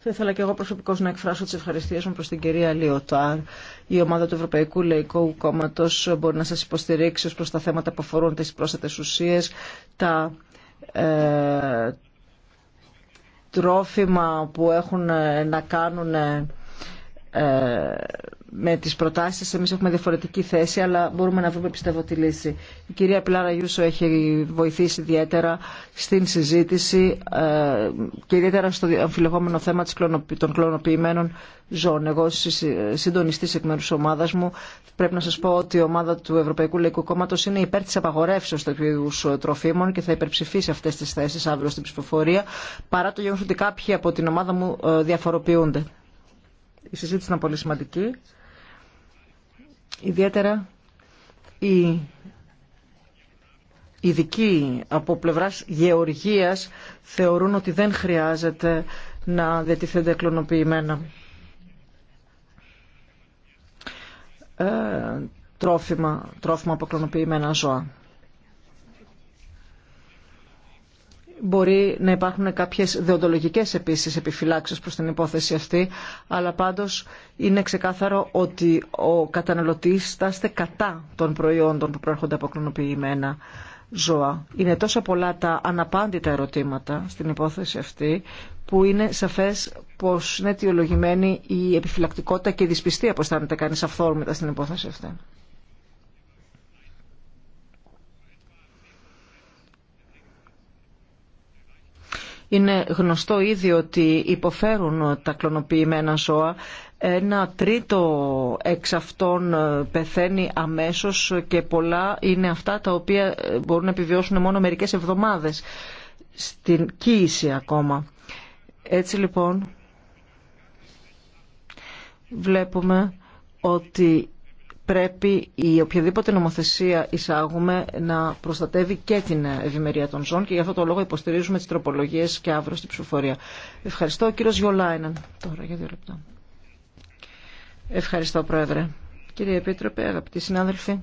[SPEAKER 2] Θα ήθελα
[SPEAKER 3] και εγώ προσωπικώ να εκφράσω τι ευχαριστίε μου προ την κυρία Λιωτάρ. Η ομάδα του Ευρωπαϊκού Λαϊκού Κόμματο μπορεί να σα υποστηρίξει ω προ τα θέματα που αφορούν τι πρόσθετε ουσίε, τα ε, τρόφιμα που έχουν ε, να κάνουν. Ε, με τις προτάσεις εμείς έχουμε διαφορετική θέση αλλά μπορούμε να βρούμε πιστεύω τη λύση. Η κυρία Πιλάρα Γιούσο έχει βοηθήσει ιδιαίτερα στην συζήτηση ε, και ιδιαίτερα στο αμφιλεγόμενο θέμα των κλωνοποιημένων ζώων. Εγώ συντονιστής εκ μέρους της ομάδας μου πρέπει να σας πω ότι η ομάδα του Ευρωπαϊκού Λαϊκού Κόμματος είναι υπέρ της απαγορεύσεως των τροφίμων και θα υπερψηφίσει αυτές τις θέσεις αύριο στην ψηφοφορία παρά το γεγονός ότι κάποιοι από την ομάδα μου ε, διαφοροποιούνται. Η συζήτηση ήταν πολύ σημαντική. Ιδιαίτερα η ειδικοί από πλευράς γεωργίας θεωρούν ότι δεν χρειάζεται να διατηθένται κλωνοποιημένα ε, τρόφιμα, τρόφιμα από κλωνοποιημένα ζώα. Μπορεί να υπάρχουν κάποιες δεοντολογικές επίσης επιφυλάξεις προς την υπόθεση αυτή, αλλά πάντως είναι ξεκάθαρο ότι ο καταναλωτής στάστε κατά των προϊόντων που προέρχονται από κλωνοποιημένα ζώα. Είναι τόσο πολλά τα αναπάντητα ερωτήματα στην υπόθεση αυτή που είναι σαφές πως είναι αιτιολογημένη η επιφυλακτικότητα και η δυσπιστία που αισθάνεται κανείς αυθόρμητα στην υπόθεση αυτή. Είναι γνωστό ήδη ότι υποφέρουν τα κλωνοποιημένα ζώα. Ένα τρίτο εξ αυτών ε, πεθαίνει αμέσως και πολλά είναι αυτά τα οποία ε, μπορούν να επιβιώσουν μόνο μερικές εβδομάδες στην κοίηση ακόμα. Έτσι λοιπόν βλέπουμε ότι πρέπει η οποιαδήποτε νομοθεσία εισάγουμε να προστατεύει και την ευημερία των ζώων και γι' αυτό το λόγο υποστηρίζουμε τις τροπολογίες και αύριο στην ψηφοφορία. Ευχαριστώ. Ο κύριος Γιολάιναν τώρα για δύο λεπτά. Ευχαριστώ Πρόεδρε. Κύριε Επίτροπε, αγαπητοί συνάδελφοι.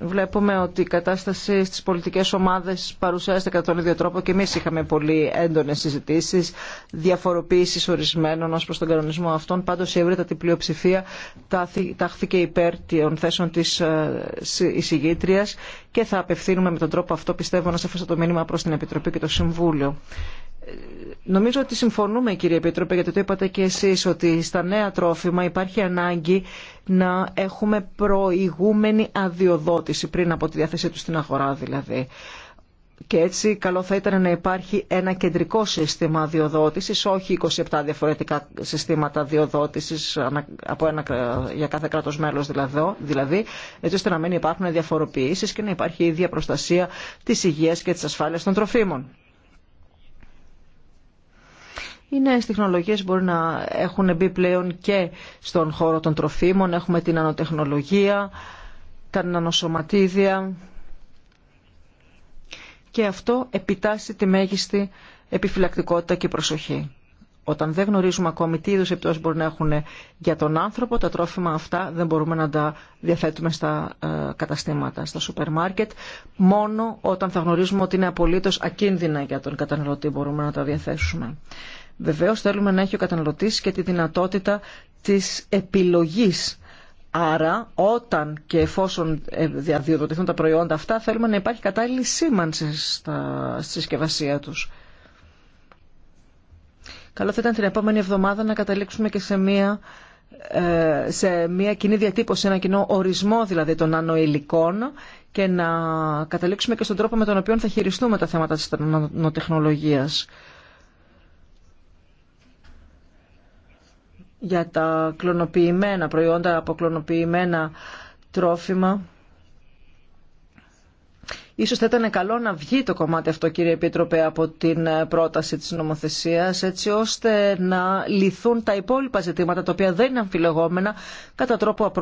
[SPEAKER 3] Βλέπουμε ότι η κατάσταση στι πολιτικέ ομάδε παρουσιάζεται κατά τον ίδιο τρόπο και εμεί είχαμε πολύ έντονε συζητήσει, διαφοροποίηση ορισμένων ω προ τον κανονισμό αυτών. Πάντως η ευρύτατη πλειοψηφία τάχθηκε υπέρ των θέσεων τη ε, εισηγήτρια και θα απευθύνουμε με τον τρόπο αυτό πιστεύω να σαφέσα το μήνυμα προ την Επιτροπή και το Συμβούλιο. Νομίζω ότι συμφωνούμε κύριε Επίτροπε γιατί το είπατε και εσείς ότι στα νέα τρόφιμα υπάρχει ανάγκη να έχουμε προηγούμενη αδειοδότηση πριν από τη διάθεσή του στην αγορά δηλαδή. Και έτσι καλό θα ήταν να υπάρχει ένα κεντρικό σύστημα αδειοδότησης, όχι 27 διαφορετικά συστήματα αδειοδότησης από ένα, για κάθε κράτος μέλος δηλαδή, δηλαδή, έτσι ώστε να μην υπάρχουν διαφοροποιήσεις και να υπάρχει η ίδια προστασία της υγείας και της ασφάλειας των τροφίμων. Οι νέε τεχνολογίε μπορεί να έχουν μπει πλέον και στον χώρο των τροφίμων. Έχουμε την ανοτεχνολογία, τα νανοσωματίδια και αυτό επιτάσσει τη μέγιστη επιφυλακτικότητα και προσοχή. Όταν δεν γνωρίζουμε ακόμη τι είδου επιπτώσεις μπορεί να έχουν για τον άνθρωπο, τα τρόφιμα αυτά δεν μπορούμε να τα διαθέτουμε στα ε, καταστήματα, στα σούπερ μάρκετ. Μόνο όταν θα γνωρίζουμε ότι είναι απολύτω ακίνδυνα για τον καταναλωτή μπορούμε να τα διαθέσουμε. Βεβαίως θέλουμε να έχει ο καταναλωτής και τη δυνατότητα της επιλογής. Άρα, όταν και εφόσον ε, διαδιοδοτηθούν τα προϊόντα αυτά, θέλουμε να υπάρχει κατάλληλη σήμανση στη συσκευασία τους. Καλό θα ήταν την επόμενη εβδομάδα να καταλήξουμε και σε μία ε, σε μια κοινή διατύπωση, ένα κοινό ορισμό δηλαδή των ανοηλικών και να καταλήξουμε και στον τρόπο με τον οποίο θα χειριστούμε τα θέματα της νανοτεχνολογίας. για τα κλωνοποιημένα προϊόντα από κλωνοποιημένα τρόφιμα. Ίσως θα ήταν καλό να βγει το κομμάτι αυτό, κύριε Επίτροπε, από την ε, πρόταση της νομοθεσίας, έτσι ώστε να λυθούν τα υπόλοιπα ζητήματα, τα οποία δεν είναι αμφιλεγόμενα, κατά τρόπο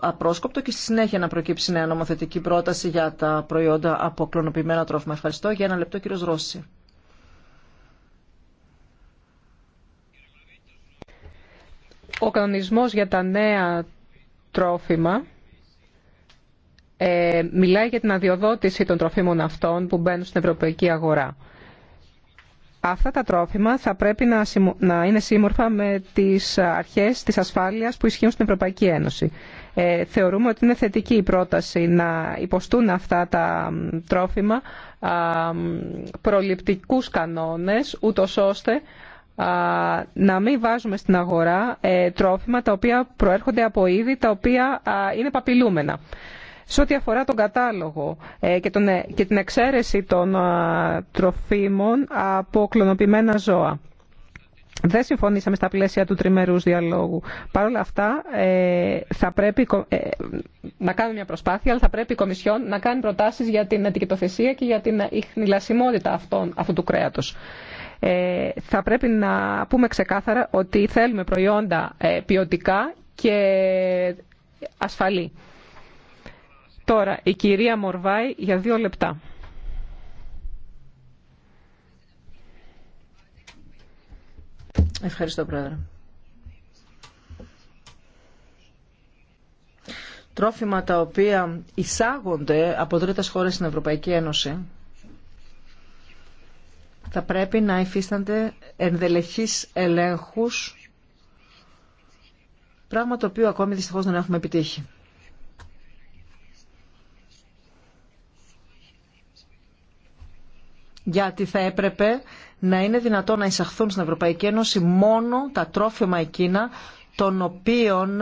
[SPEAKER 3] απρόσκοπτο και στη συνέχεια να προκύψει νέα νομοθετική πρόταση για τα προϊόντα από κλωνοποιημένα τρόφιμα. Ευχαριστώ. Για ένα λεπτό, κύριος Ρώση. Ο κανονισμός για τα νέα
[SPEAKER 1] τρόφιμα ε, μιλάει για την αδειοδότηση των τροφίμων αυτών που μπαίνουν στην ευρωπαϊκή αγορά. Αυτά τα τρόφιμα θα πρέπει να, είναι σύμμορφα με τις αρχές της ασφάλειας που ισχύουν στην Ευρωπαϊκή Ένωση. Ε, θεωρούμε ότι είναι θετική η πρόταση να υποστούν αυτά τα τρόφιμα α, προληπτικούς κανόνες, ούτως ώστε να μην βάζουμε στην αγορά ε, τρόφιμα τα οποία προέρχονται από είδη τα οποία είναι παπιλούμενα. Σε ό,τι αφορά τον κατάλογο ε, ε, και, την εξαίρεση των τροφίμων από κλωνοποιημένα ζώα. Δεν συμφωνήσαμε στα πλαίσια του τριμερούς διαλόγου. Παρ' όλα αυτά θα πρέπει να κάνουμε μια προσπάθεια, αλλά θα πρέπει η Κομισιόν να κάνει προτάσεις για την ετικετοθεσία και για την ιχνηλασιμότητα αυτού του κρέατος. Ε, θα πρέπει να πούμε ξεκάθαρα ότι θέλουμε προϊόντα ε, ποιοτικά και ασφαλή. Τώρα, η κυρία Μορβάη για δύο λεπτά.
[SPEAKER 3] Ευχαριστώ, Πρόεδρε. Τρόφιμα τα οποία εισάγονται από τρίτες χώρες στην Ευρωπαϊκή Ένωση θα πρέπει να υφίστανται ενδελεχείς ελέγχους, πράγμα το οποίο ακόμη δυστυχώς δεν έχουμε επιτύχει. Γιατί θα έπρεπε να είναι δυνατό να εισαχθούν στην Ευρωπαϊκή Ένωση μόνο τα τρόφιμα εκείνα των οποίων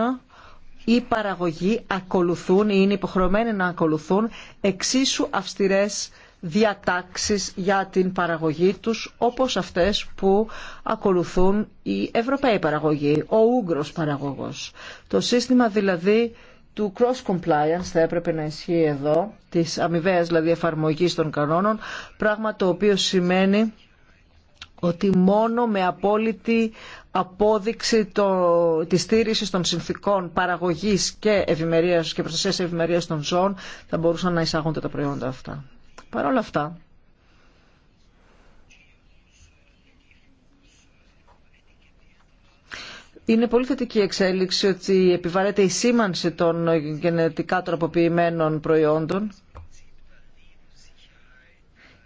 [SPEAKER 3] οι παραγωγοί ακολουθούν ή είναι υποχρεωμένοι να ακολουθούν εξίσου αυστηρές διατάξεις για την παραγωγή τους όπως αυτές που ακολουθούν οι Ευρωπαίοι παραγωγοί, ο Ούγγρος παραγωγός. Το σύστημα δηλαδή του cross compliance θα έπρεπε να ισχύει εδώ, της αμοιβαίας δηλαδή εφαρμογής των κανόνων, πράγμα το οποίο σημαίνει ότι μόνο με απόλυτη απόδειξη το, της στήρησης των συνθήκων παραγωγής και, ευημερίας, και προστασίας ευημερίας των ζώων θα μπορούσαν να εισάγονται τα προϊόντα αυτά. Παρ' όλα αυτά, Είναι πολύ θετική εξέλιξη ότι επιβαρέται η σήμανση των γενετικά τροποποιημένων προϊόντων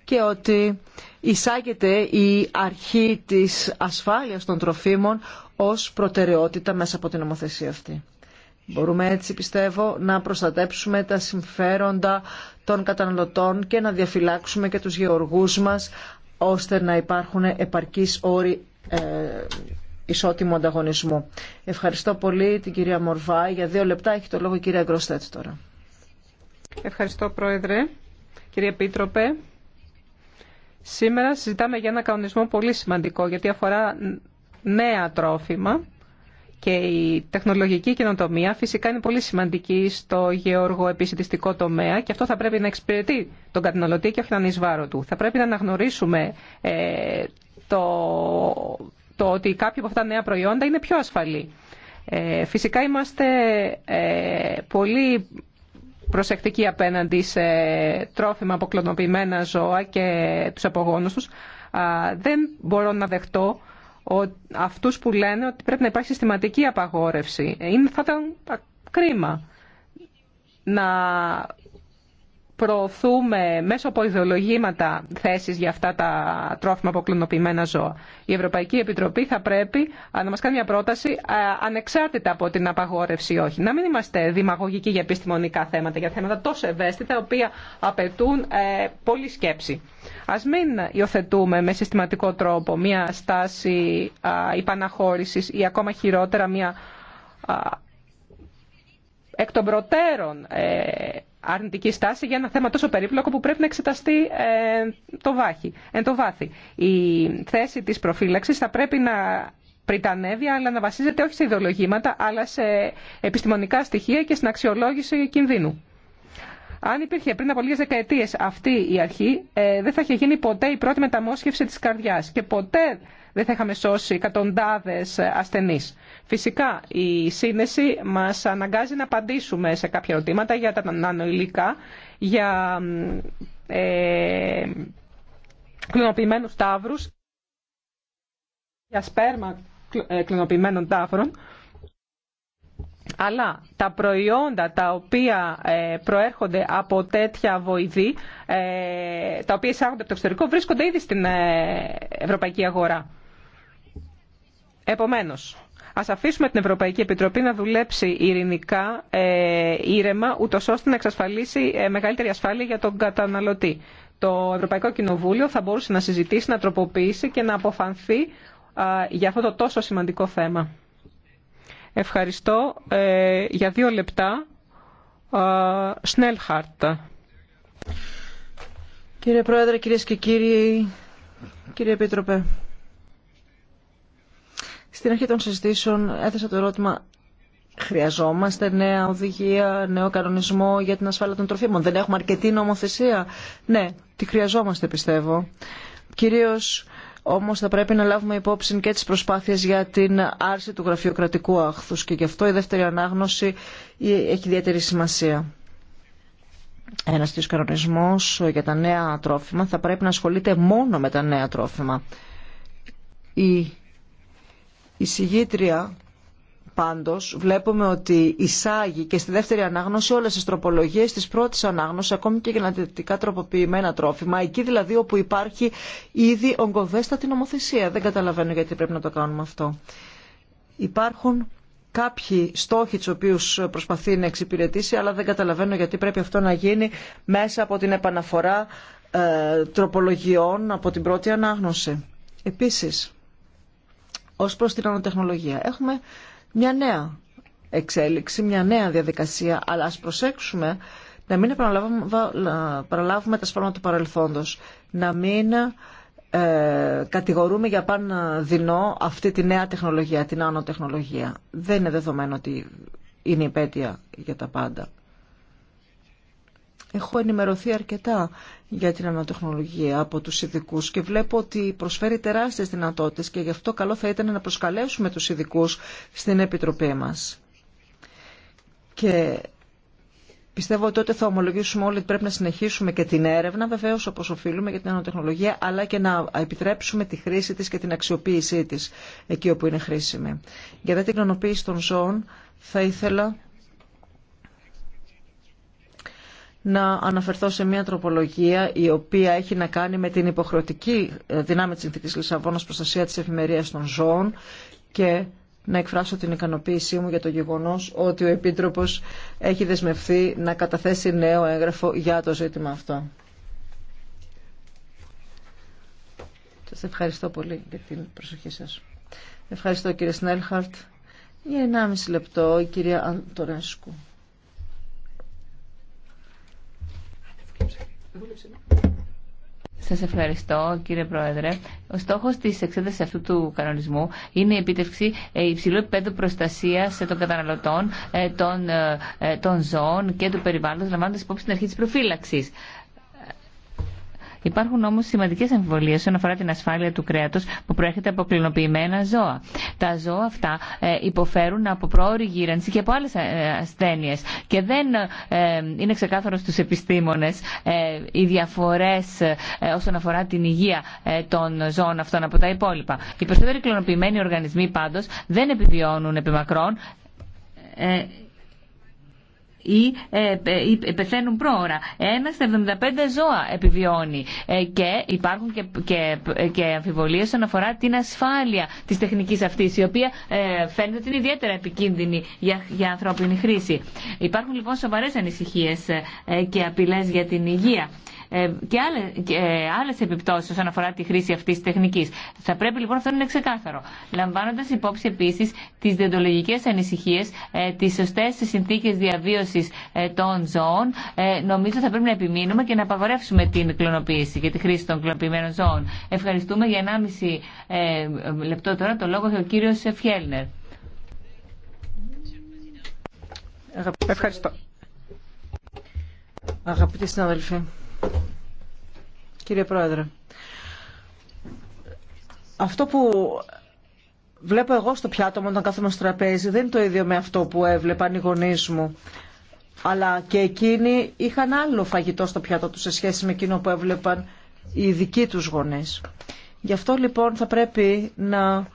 [SPEAKER 3] και ότι εισάγεται η αρχή της ασφάλειας των τροφίμων ως προτεραιότητα μέσα από την νομοθεσία αυτή. Μπορούμε έτσι πιστεύω να προστατέψουμε τα συμφέροντα των καταναλωτών και να διαφυλάξουμε και τους γεωργούς μας ώστε να υπάρχουν επαρκείς όροι ε, ισότιμου ανταγωνισμού. Ευχαριστώ πολύ την κυρία Μορβάη. Για δύο λεπτά έχει το λόγο η κυρία Γκροστέτ τώρα.
[SPEAKER 1] Ευχαριστώ Πρόεδρε. Κύριε Επίτροπε, σήμερα συζητάμε για ένα κανονισμό πολύ σημαντικό γιατί αφορά νέα τρόφιμα και η τεχνολογική καινοτομία φυσικά είναι πολύ σημαντική στο επιστημιστικό τομέα και αυτό θα πρέπει να εξυπηρετεί τον καταναλωτή και όχι να είναι του. Θα πρέπει να αναγνωρίσουμε ε, το, το ότι κάποια από αυτά τα νέα προϊόντα είναι πιο ασφαλή. Ε, φυσικά είμαστε ε, πολύ προσεκτικοί απέναντι σε τρόφιμα από ζώα και τους απογόνους τους. Α, δεν μπορώ να δεχτώ αυτούς που λένε ότι πρέπει να υπάρχει συστηματική απαγόρευση. Ε, είναι, θα ήταν κρίμα να προωθούμε μέσω από ιδεολογήματα θέσεις για αυτά τα τρόφιμα από κλωνοποιημένα ζώα. Η Ευρωπαϊκή Επιτροπή θα πρέπει να μας κάνει μια πρόταση ανεξάρτητα από την απαγόρευση ή όχι. Να μην είμαστε δημαγωγικοί για επιστημονικά θέματα, για θέματα τόσο ευαίσθητα, οποία απαιτούν ε, πολλή σκέψη. Ας μην υιοθετούμε με συστηματικό τρόπο μια στάση υπαναχώρηση ή ακόμα χειρότερα μια εκ των προτέρων ε, αρνητική στάση για ένα θέμα τόσο περίπλοκο που πρέπει να εξεταστεί ε, το, εν το βάθη. Η θέση της προφύλαξης θα πρέπει να πριτανεύει, αλλά να βασίζεται όχι σε ιδεολογήματα, αλλά σε επιστημονικά στοιχεία και στην αξιολόγηση κινδύνου. Αν υπήρχε πριν από λίγε δεκαετίε αυτή η αρχή, ε, δεν θα είχε γίνει ποτέ η πρώτη μεταμόσχευση τη καρδιά και ποτέ δεν θα είχαμε σώσει εκατοντάδε ασθενεί. Φυσικά η σύνεση μα αναγκάζει να απαντήσουμε σε κάποια ερωτήματα για τα νανοηλικά, για ε, κλωνοποιημένου για σπέρμα ε, κλωνοποιημένων τάβρων. Αλλά τα προϊόντα τα οποία ε, προέρχονται από τέτοια βοηθή, ε, τα οποία εισάγονται από το εξωτερικό, βρίσκονται ήδη στην ευρωπαϊκή αγορά. Επομένως, ας αφήσουμε την Ευρωπαϊκή Επιτροπή να δουλέψει ειρηνικά, ε, ήρεμα, ούτως ώστε να εξασφαλίσει ε, μεγαλύτερη ασφάλεια για τον καταναλωτή. Το Ευρωπαϊκό Κοινοβούλιο θα μπορούσε να συζητήσει, να τροποποιήσει και να αποφανθεί για αυτό το τόσο σημαντικό θέμα. Ευχαριστώ. Ε, για δύο λεπτά. Σνέλχαρτ.
[SPEAKER 3] Κύριε Πρόεδρε, κυρίες και κύριοι, κύριε Επίτροπε. Στην αρχή των συζητήσεων έθεσα το ερώτημα Χρειαζόμαστε νέα οδηγία, νέο κανονισμό για την ασφάλεια των τροφίμων. Δεν έχουμε αρκετή νομοθεσία. Ναι, τη χρειαζόμαστε πιστεύω. Κυρίως όμως θα πρέπει να λάβουμε υπόψη και τις προσπάθειες για την άρση του γραφειοκρατικού άχθους και γι' αυτό η δεύτερη ανάγνωση έχει ιδιαίτερη σημασία. Ένα τέτοιο κανονισμό για τα νέα τρόφιμα θα πρέπει να ασχολείται μόνο με τα νέα τρόφιμα. Η η συγγήτρια πάντως βλέπουμε ότι εισάγει και στη δεύτερη ανάγνωση όλες τις τροπολογίες της πρώτης ανάγνωσης, ακόμη και γενετικά τροποποιημένα τρόφιμα, εκεί δηλαδή όπου υπάρχει ήδη ογκοδέστατη νομοθεσία. Δεν καταλαβαίνω γιατί πρέπει να το κάνουμε αυτό. Υπάρχουν κάποιοι στόχοι του οποίου προσπαθεί να εξυπηρετήσει, αλλά δεν καταλαβαίνω γιατί πρέπει αυτό να γίνει μέσα από την επαναφορά ε, τροπολογιών από την πρώτη ανάγνωση. Επίσης, ως προς την ανοτεχνολογία. Έχουμε μια νέα εξέλιξη, μια νέα διαδικασία, αλλά ας προσέξουμε να μην παραλάβουμε τα σφάλματα του παρελθόντος, να μην ε, κατηγορούμε για πάνω δεινό αυτή τη νέα τεχνολογία, την άνοτεχνολογία. Δεν είναι δεδομένο ότι είναι υπέτεια για τα πάντα. Έχω ενημερωθεί αρκετά για την ανατεχνολογία από τους ειδικού και βλέπω ότι προσφέρει τεράστιες δυνατότητες και γι' αυτό καλό θα ήταν να προσκαλέσουμε τους ειδικού στην Επιτροπή μας. Και Πιστεύω ότι τότε θα ομολογήσουμε όλοι ότι πρέπει να συνεχίσουμε και την έρευνα, βεβαίω όπω οφείλουμε για την ανατεχνολογία, αλλά και να επιτρέψουμε τη χρήση της και την αξιοποίησή της εκεί όπου είναι χρήσιμη. Για την κλωνοποίηση των ζώων, θα ήθελα να αναφερθώ σε μια τροπολογία η οποία έχει να κάνει με την υποχρεωτική ε, δυνάμη της Συνθήκης Λισαβόνας προστασία της εφημερίας των ζώων και να εκφράσω την ικανοποίησή μου για το γεγονός ότι ο Επίτροπος έχει δεσμευθεί να καταθέσει νέο έγγραφο για το ζήτημα αυτό. Σας ευχαριστώ πολύ για την προσοχή σας. Ευχαριστώ κύριε Σνέλχαρτ. Για 1,5 λεπτό η κυρία Αντορέσκου. Ναι.
[SPEAKER 2] Σας ευχαριστώ κύριε Πρόεδρε. Ο στόχο της εξέτασης αυτού του κανονισμού είναι η επίτευξη ε, υψηλού επίπεδου προστασία ε, των καταναλωτών, ε, των, των ζώων και του περιβάλλοντος, λαμβάνοντας υπόψη την αρχή τη προφύλαξης. Υπάρχουν όμω σημαντικέ αμφιβολίε όσον αφορά την ασφάλεια του κρέατο που προέρχεται από κλεινοποιημένα ζώα. Τα ζώα αυτά ε, υποφέρουν από πρόωρη γύρανση και από άλλε ασθένειε και δεν ε, είναι ξεκάθαρο στου επιστήμονε ε, οι διαφορέ όσον αφορά την υγεία των ζώων αυτών από τα υπόλοιπα. Οι περισσότεροι κλωνοποιημένοι οργανισμοί πάντω δεν επιβιώνουν επιμακρών ε, ε, ή πεθαίνουν πρόωρα. Ένα στα 75 ζώα επιβιώνει. Ε, και υπάρχουν και, και, και αμφιβολίε όσον αφορά την ασφάλεια τη τεχνική αυτή, η οποία φαίνεται ότι είναι ιδιαίτερα επικίνδυνη για, για ανθρώπινη χρήση. Υπάρχουν λοιπόν σοβαρέ ανησυχίε και απειλέ για την υγεία. Ε, και, άλλε, επιπτώσει ε, άλλες επιπτώσεις όσον αφορά τη χρήση αυτή τη τεχνική. Θα πρέπει λοιπόν αυτό να είναι ξεκάθαρο. Λαμβάνοντα υπόψη επίσης τις ε, ανησυχίες, τις σωστές συνθήκες διαβίωσης ε, των ζώων, νομίζω θα πρέπει να επιμείνουμε και να απαγορεύσουμε την κλωνοποίηση και τη χρήση των κλωνοποιημένων ζώων. Ευχαριστούμε για 1,5 λεπτό τώρα το λόγο και ο κύριο Φιέλνερ. Ευχαριστώ. Αγαπητοί συναδελφοί,
[SPEAKER 3] Κύριε Πρόεδρε, αυτό που βλέπω εγώ στο πιάτο μου όταν κάθομαι στο τραπέζι δεν είναι το ίδιο με αυτό που έβλεπαν οι γονεί μου. Αλλά και εκείνοι είχαν άλλο φαγητό στο πιάτο τους σε σχέση με εκείνο που έβλεπαν οι δικοί τους γονείς. Γι' αυτό λοιπόν θα πρέπει να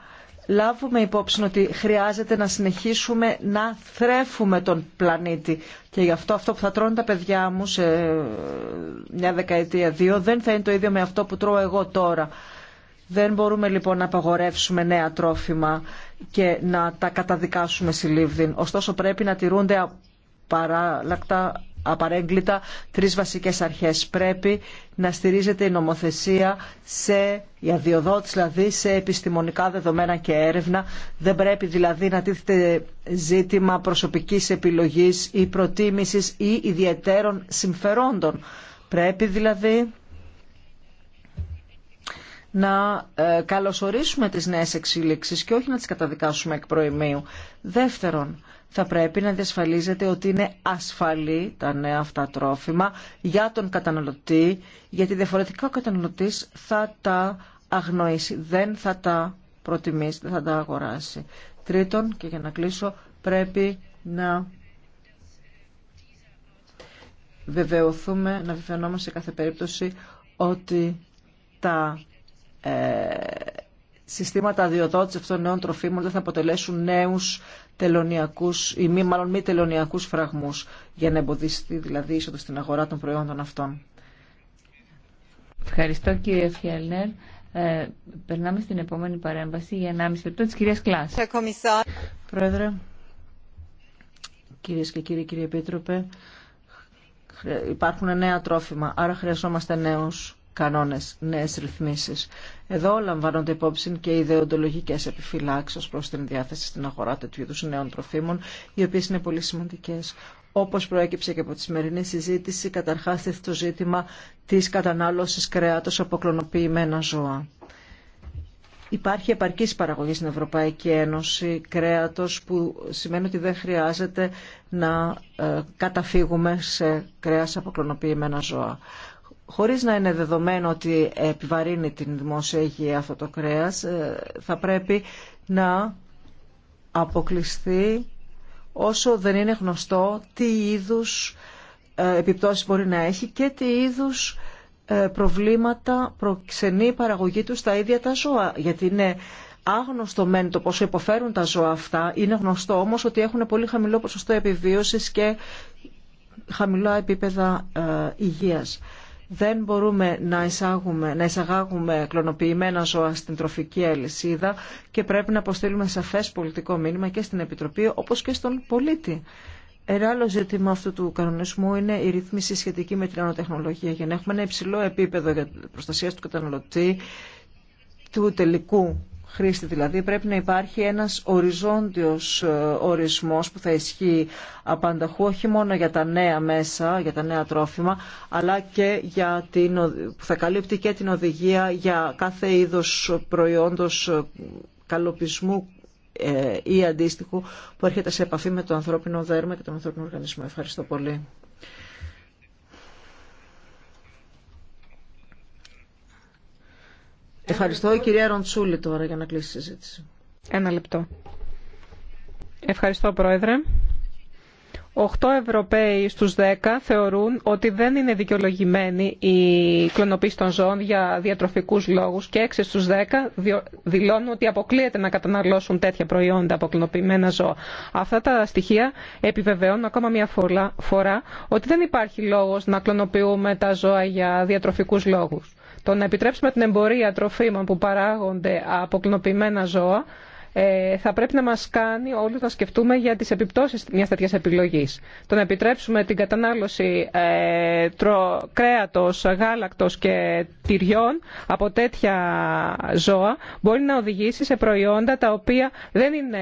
[SPEAKER 3] λάβουμε υπόψη ότι χρειάζεται να συνεχίσουμε να θρέφουμε τον πλανήτη. Και γι' αυτό αυτό που θα τρώνε τα παιδιά μου σε μια δεκαετία, δύο, δεν θα είναι το ίδιο με αυτό που τρώω εγώ τώρα. Δεν μπορούμε λοιπόν να απαγορεύσουμε νέα τρόφιμα και να τα καταδικάσουμε συλλήβδιν. Ωστόσο πρέπει να τηρούνται απαράλλακτα απαρέγκλητα τρεις βασικές αρχές. Πρέπει να στηρίζεται η νομοθεσία σε, η αδειοδότηση δηλαδή, σε επιστημονικά δεδομένα και έρευνα. Δεν πρέπει δηλαδή να τίθεται ζήτημα προσωπικής επιλογής ή προτίμησης ή ιδιαίτερων συμφερόντων. Πρέπει δηλαδή να ε, καλωσορίσουμε τις νέες εξήλιξεις και όχι να τις καταδικάσουμε εκ προημίου. Δεύτερον, θα πρέπει να διασφαλίζεται ότι είναι ασφαλή τα νέα αυτά τρόφιμα για τον καταναλωτή, γιατί διαφορετικά ο καταναλωτής θα τα αγνοήσει, δεν θα τα προτιμήσει, δεν θα τα αγοράσει. Τρίτον, και για να κλείσω, πρέπει να βεβαιωθούμε, να βεβαιωνόμαστε σε κάθε περίπτωση ότι τα ε, συστήματα αδειοδότηση αυτών των νέων τροφίμων δεν θα αποτελέσουν νέου τελωνιακού ή μη μάλλον μη τελωνιακού φραγμού για να εμποδιστεί δηλαδή είσοδο στην αγορά των προϊόντων αυτών.
[SPEAKER 2] Ευχαριστώ κύριε Φιέλνερ. Ε, περνάμε στην επόμενη παρέμβαση για 1,5 λεπτό τη κυρία Κλά. Πρόεδρε, κυρίε και
[SPEAKER 3] κύριοι, κύριε Επίτροπε, υπάρχουν νέα τρόφιμα, άρα χρειαζόμαστε νέους κανόνες, νέες ρυθμίσεις. Εδώ λαμβάνονται υπόψη και οι δεοντολογικές επιφυλάξεις προς την διάθεση στην αγορά τέτοιου είδους νέων τροφίμων, οι οποίες είναι πολύ σημαντικές. Όπως προέκυψε και από τη σημερινή συζήτηση, καταρχάς θέτει το ζήτημα της κατανάλωσης κρέατος από κλωνοποιημένα ζώα. Υπάρχει επαρκής παραγωγή στην Ευρωπαϊκή Ένωση κρέατος που σημαίνει ότι δεν χρειάζεται να ε, καταφύγουμε σε κρέας από κλωνοποιημένα ζώα χωρίς να είναι δεδομένο ότι επιβαρύνει την δημόσια υγεία αυτό το κρέας, ε, θα πρέπει να αποκλειστεί όσο δεν είναι γνωστό τι είδους ε, επιπτώσεις μπορεί να έχει και τι είδους ε, προβλήματα προξενεί η παραγωγή του στα ίδια τα ζώα. Γιατί είναι άγνωστο μεν το πόσο υποφέρουν τα ζώα αυτά, είναι γνωστό όμως ότι έχουν πολύ χαμηλό ποσοστό επιβίωσης και χαμηλά επίπεδα υγείας δεν μπορούμε να, εισάγουμε, να εισαγάγουμε κλωνοποιημένα ζώα στην τροφική αλυσίδα και πρέπει να αποστείλουμε σαφές πολιτικό μήνυμα και στην Επιτροπή όπως και στον πολίτη. Ένα άλλο ζήτημα αυτού του κανονισμού είναι η ρύθμιση σχετική με την ανοτεχνολογία για να έχουμε ένα υψηλό επίπεδο για προστασία του καταναλωτή, του τελικού χρήστη δηλαδή πρέπει να υπάρχει ένας οριζόντιος ε, ορισμός που θα ισχύει απανταχού όχι μόνο για τα νέα μέσα, για τα νέα τρόφιμα αλλά και για την, που θα καλύπτει και την οδηγία για κάθε είδος προϊόντος ε, καλοπισμού ε, ή αντίστοιχου που έρχεται σε επαφή με το ανθρώπινο δέρμα και τον ανθρώπινο οργανισμό. Ευχαριστώ πολύ. Ευχαριστώ. Η κυρία Ροντσούλη τώρα για να κλείσει η συζήτηση. Ένα λεπτό. Ευχαριστώ, Πρόεδρε.
[SPEAKER 1] Οχτώ Ευρωπαίοι στους δέκα θεωρούν ότι δεν είναι δικαιολογημένη η κλωνοποίηση των ζώων για διατροφικούς λόγους και έξι στους δέκα δηλώνουν ότι αποκλείεται να καταναλώσουν τέτοια προϊόντα από κλωνοποιημένα ζώα. Αυτά τα στοιχεία επιβεβαιώνουν ακόμα μια φορά ότι δεν υπάρχει λόγος να κλωνοποιούμε τα ζώα για διατροφικούς λόγους. Το να επιτρέψουμε την εμπορία τροφίμων που παράγονται από κλωνοποιημένα ζώα ε, θα πρέπει να μας κάνει όλους να σκεφτούμε για τις επιπτώσεις μιας τέτοιας επιλογής. Το να επιτρέψουμε την κατανάλωση ε, τρο, κρέατος, γάλακτος και τυριών από τέτοια ζώα μπορεί να οδηγήσει σε προϊόντα τα οποία δεν είναι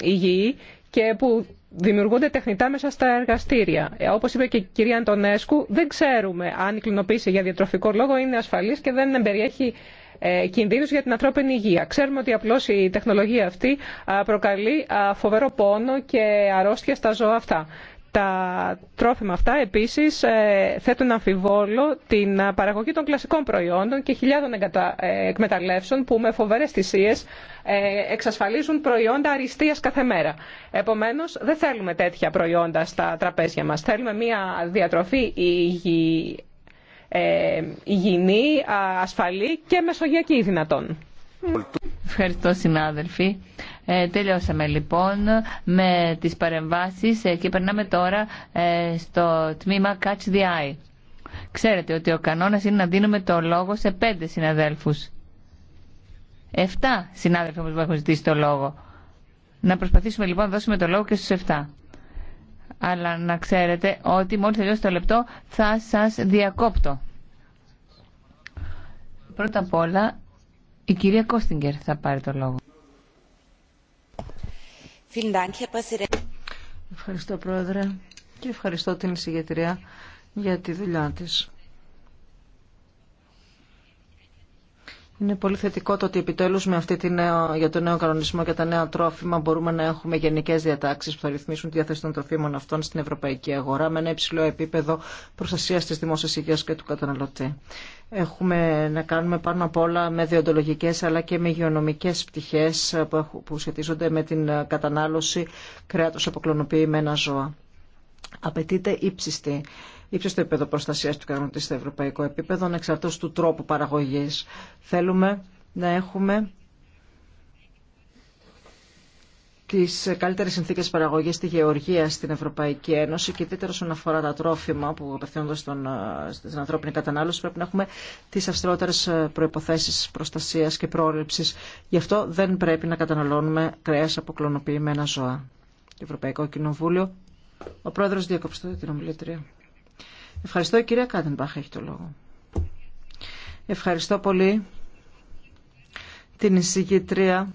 [SPEAKER 1] υγιή και που δημιουργούνται τεχνητά μέσα στα εργαστήρια. Όπω είπε και η κυρία Αντωνέσκου, δεν ξέρουμε αν η κλινοποίηση για διατροφικό λόγο είναι ασφαλή και δεν περιέχει ε, κινδύνου για την ανθρώπινη υγεία. Ξέρουμε ότι απλώ η τεχνολογία αυτή προκαλεί φοβερό πόνο και αρρώστια στα ζώα αυτά. Τα τρόφιμα αυτά επίσης ε, θέτουν αμφιβόλο την ε, παραγωγή των κλασικών προϊόντων και χιλιάδων ε, εκμεταλλεύσεων που με φοβερές θυσίες εξασφαλίζουν προϊόντα αριστείας κάθε μέρα. Επομένως δεν θέλουμε τέτοια προϊόντα στα τραπέζια μας. Θέλουμε μια διατροφή υγι...
[SPEAKER 2] υγιεινή,
[SPEAKER 1] ασφαλή και μεσογειακή δυνατόν.
[SPEAKER 2] Ευχαριστώ συνάδελφοι. Ε, τελειώσαμε λοιπόν με τις παρεμβάσεις ε, και περνάμε τώρα ε, στο τμήμα Catch the Eye. Ξέρετε ότι ο κανόνας είναι να δίνουμε το λόγο σε πέντε συναδέλφους. Εφτά συνάδελφοι όμως που έχουν ζητήσει το λόγο. Να προσπαθήσουμε λοιπόν να δώσουμε το λόγο και στους εφτά. Αλλά να ξέρετε ότι μόλις τελειώσει το λεπτό θα σας διακόπτω. Πρώτα απ' όλα η κυρία Κόστιγκερ θα πάρει το λόγο. Ευχαριστώ Πρόεδρε
[SPEAKER 3] και ευχαριστώ την εισηγητριά για τη δουλειά της. Είναι πολύ θετικό το ότι επιτέλους με αυτή τη για το νέο κανονισμό και τα νέα τρόφιμα μπορούμε να έχουμε γενικές διατάξεις που θα ρυθμίσουν τη διάθεση των τροφίμων αυτών στην ευρωπαϊκή αγορά με ένα υψηλό επίπεδο προστασίας της δημόσιας υγείας και του καταναλωτή. Έχουμε να κάνουμε πάνω απ' όλα με διοντολογικές αλλά και με υγειονομικές πτυχές που σχετίζονται με την κατανάλωση κρέατος αποκλωνοποιημένα ζώα. Απαιτείται ύψιστη ύψιστο επίπεδο προστασία του καταναλωτή στο ευρωπαϊκό επίπεδο, ανεξαρτήτως του τρόπου παραγωγή. Θέλουμε να έχουμε τι καλύτερε συνθήκε παραγωγή στη γεωργία στην Ευρωπαϊκή Ένωση και ιδιαίτερα όσον αφορά τα τρόφιμα που απευθύνονται στην ανθρώπινη κατανάλωση πρέπει να έχουμε τι αυστηρότερες προποθέσει προστασία και πρόληψης. Γι' αυτό δεν πρέπει να καταναλώνουμε κρέα από κλωνοποιημένα ζώα. Ευρωπαϊκό Κοινοβούλιο. Ο πρόεδρος διακόψε την ομιλήτρια. Ευχαριστώ η κυρία έχει το λόγο. Ευχαριστώ πολύ την εισηγήτρια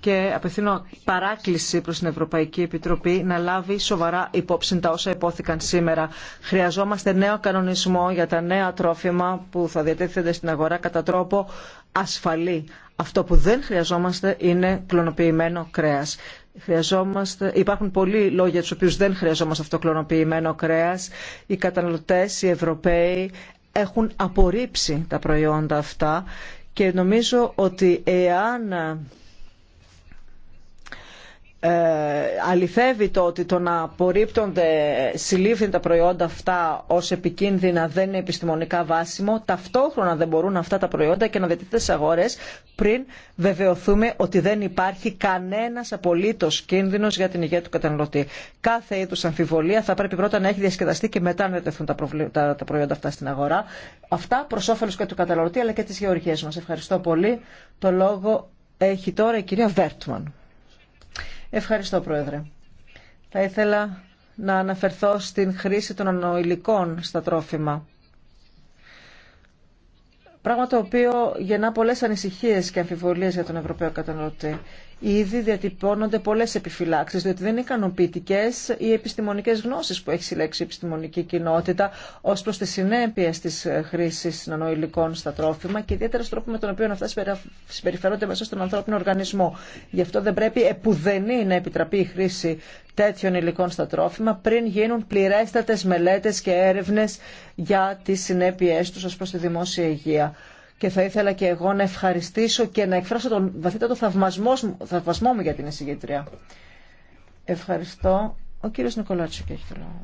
[SPEAKER 3] και απευθύνω παράκληση προς την Ευρωπαϊκή Επιτροπή να λάβει σοβαρά υπόψη τα όσα υπόθηκαν σήμερα. Χρειαζόμαστε νέο κανονισμό για τα νέα τρόφιμα που θα διατίθενται στην αγορά κατά τρόπο ασφαλή. Αυτό που δεν χρειαζόμαστε είναι κλωνοποιημένο κρέας. Χρειαζόμαστε, υπάρχουν πολλοί λόγοι για τους οποίους δεν χρειαζόμαστε αυτοκλωνοποιημένο κρέας. Οι καταναλωτές, οι Ευρωπαίοι έχουν απορρίψει τα προϊόντα αυτά και νομίζω ότι εάν ε, αληθεύει το ότι το να απορρίπτονται τα προϊόντα αυτά ως επικίνδυνα δεν είναι επιστημονικά βάσιμο, ταυτόχρονα δεν μπορούν αυτά τα προϊόντα και να διατίθεται στις αγορές πριν βεβαιωθούμε ότι δεν υπάρχει κανένας απολύτως κίνδυνος για την υγεία του καταναλωτή. Κάθε είδους αμφιβολία θα πρέπει πρώτα να έχει διασκεδαστεί και μετά να διατεθούν τα, τα, προϊόντα αυτά στην αγορά. Αυτά προς όφελος και του καταναλωτή αλλά και της γεωργίας μας. Ευχαριστώ πολύ. Το λόγο έχει τώρα η κυρία Βέρτμαν. Ευχαριστώ, Πρόεδρε. Θα ήθελα να αναφερθώ στην χρήση των ανοηλικών στα τρόφιμα. Πράγμα το οποίο γεννά πολλές ανησυχίες και αμφιβολίες για τον Ευρωπαίο καταναλωτή. Ήδη διατυπώνονται πολλέ επιφυλάξει, διότι δεν είναι ικανοποιητικέ οι επιστημονικέ γνώσει που έχει συλλέξει η επιστημονική κοινότητα ω προ τι συνέπειε τη χρήση νανοηλικών στα τρόφιμα και ιδιαίτερα στον τρόπο με τον οποίο αυτά συμπεριφέρονται μέσα στον ανθρώπινο οργανισμό. Γι' αυτό δεν πρέπει επουδενή να επιτραπεί η χρήση τέτοιων υλικών στα τρόφιμα πριν γίνουν πληρέστατε μελέτε και έρευνε για τι συνέπειέ του ω προ τη δημόσια υγεία και θα ήθελα και εγώ να ευχαριστήσω και να εκφράσω τον βαθύτατο θαυμασμό, θαυμασμό μου για την εισηγήτρια. Ευχαριστώ. Ο κύριος και έχει το λόγο.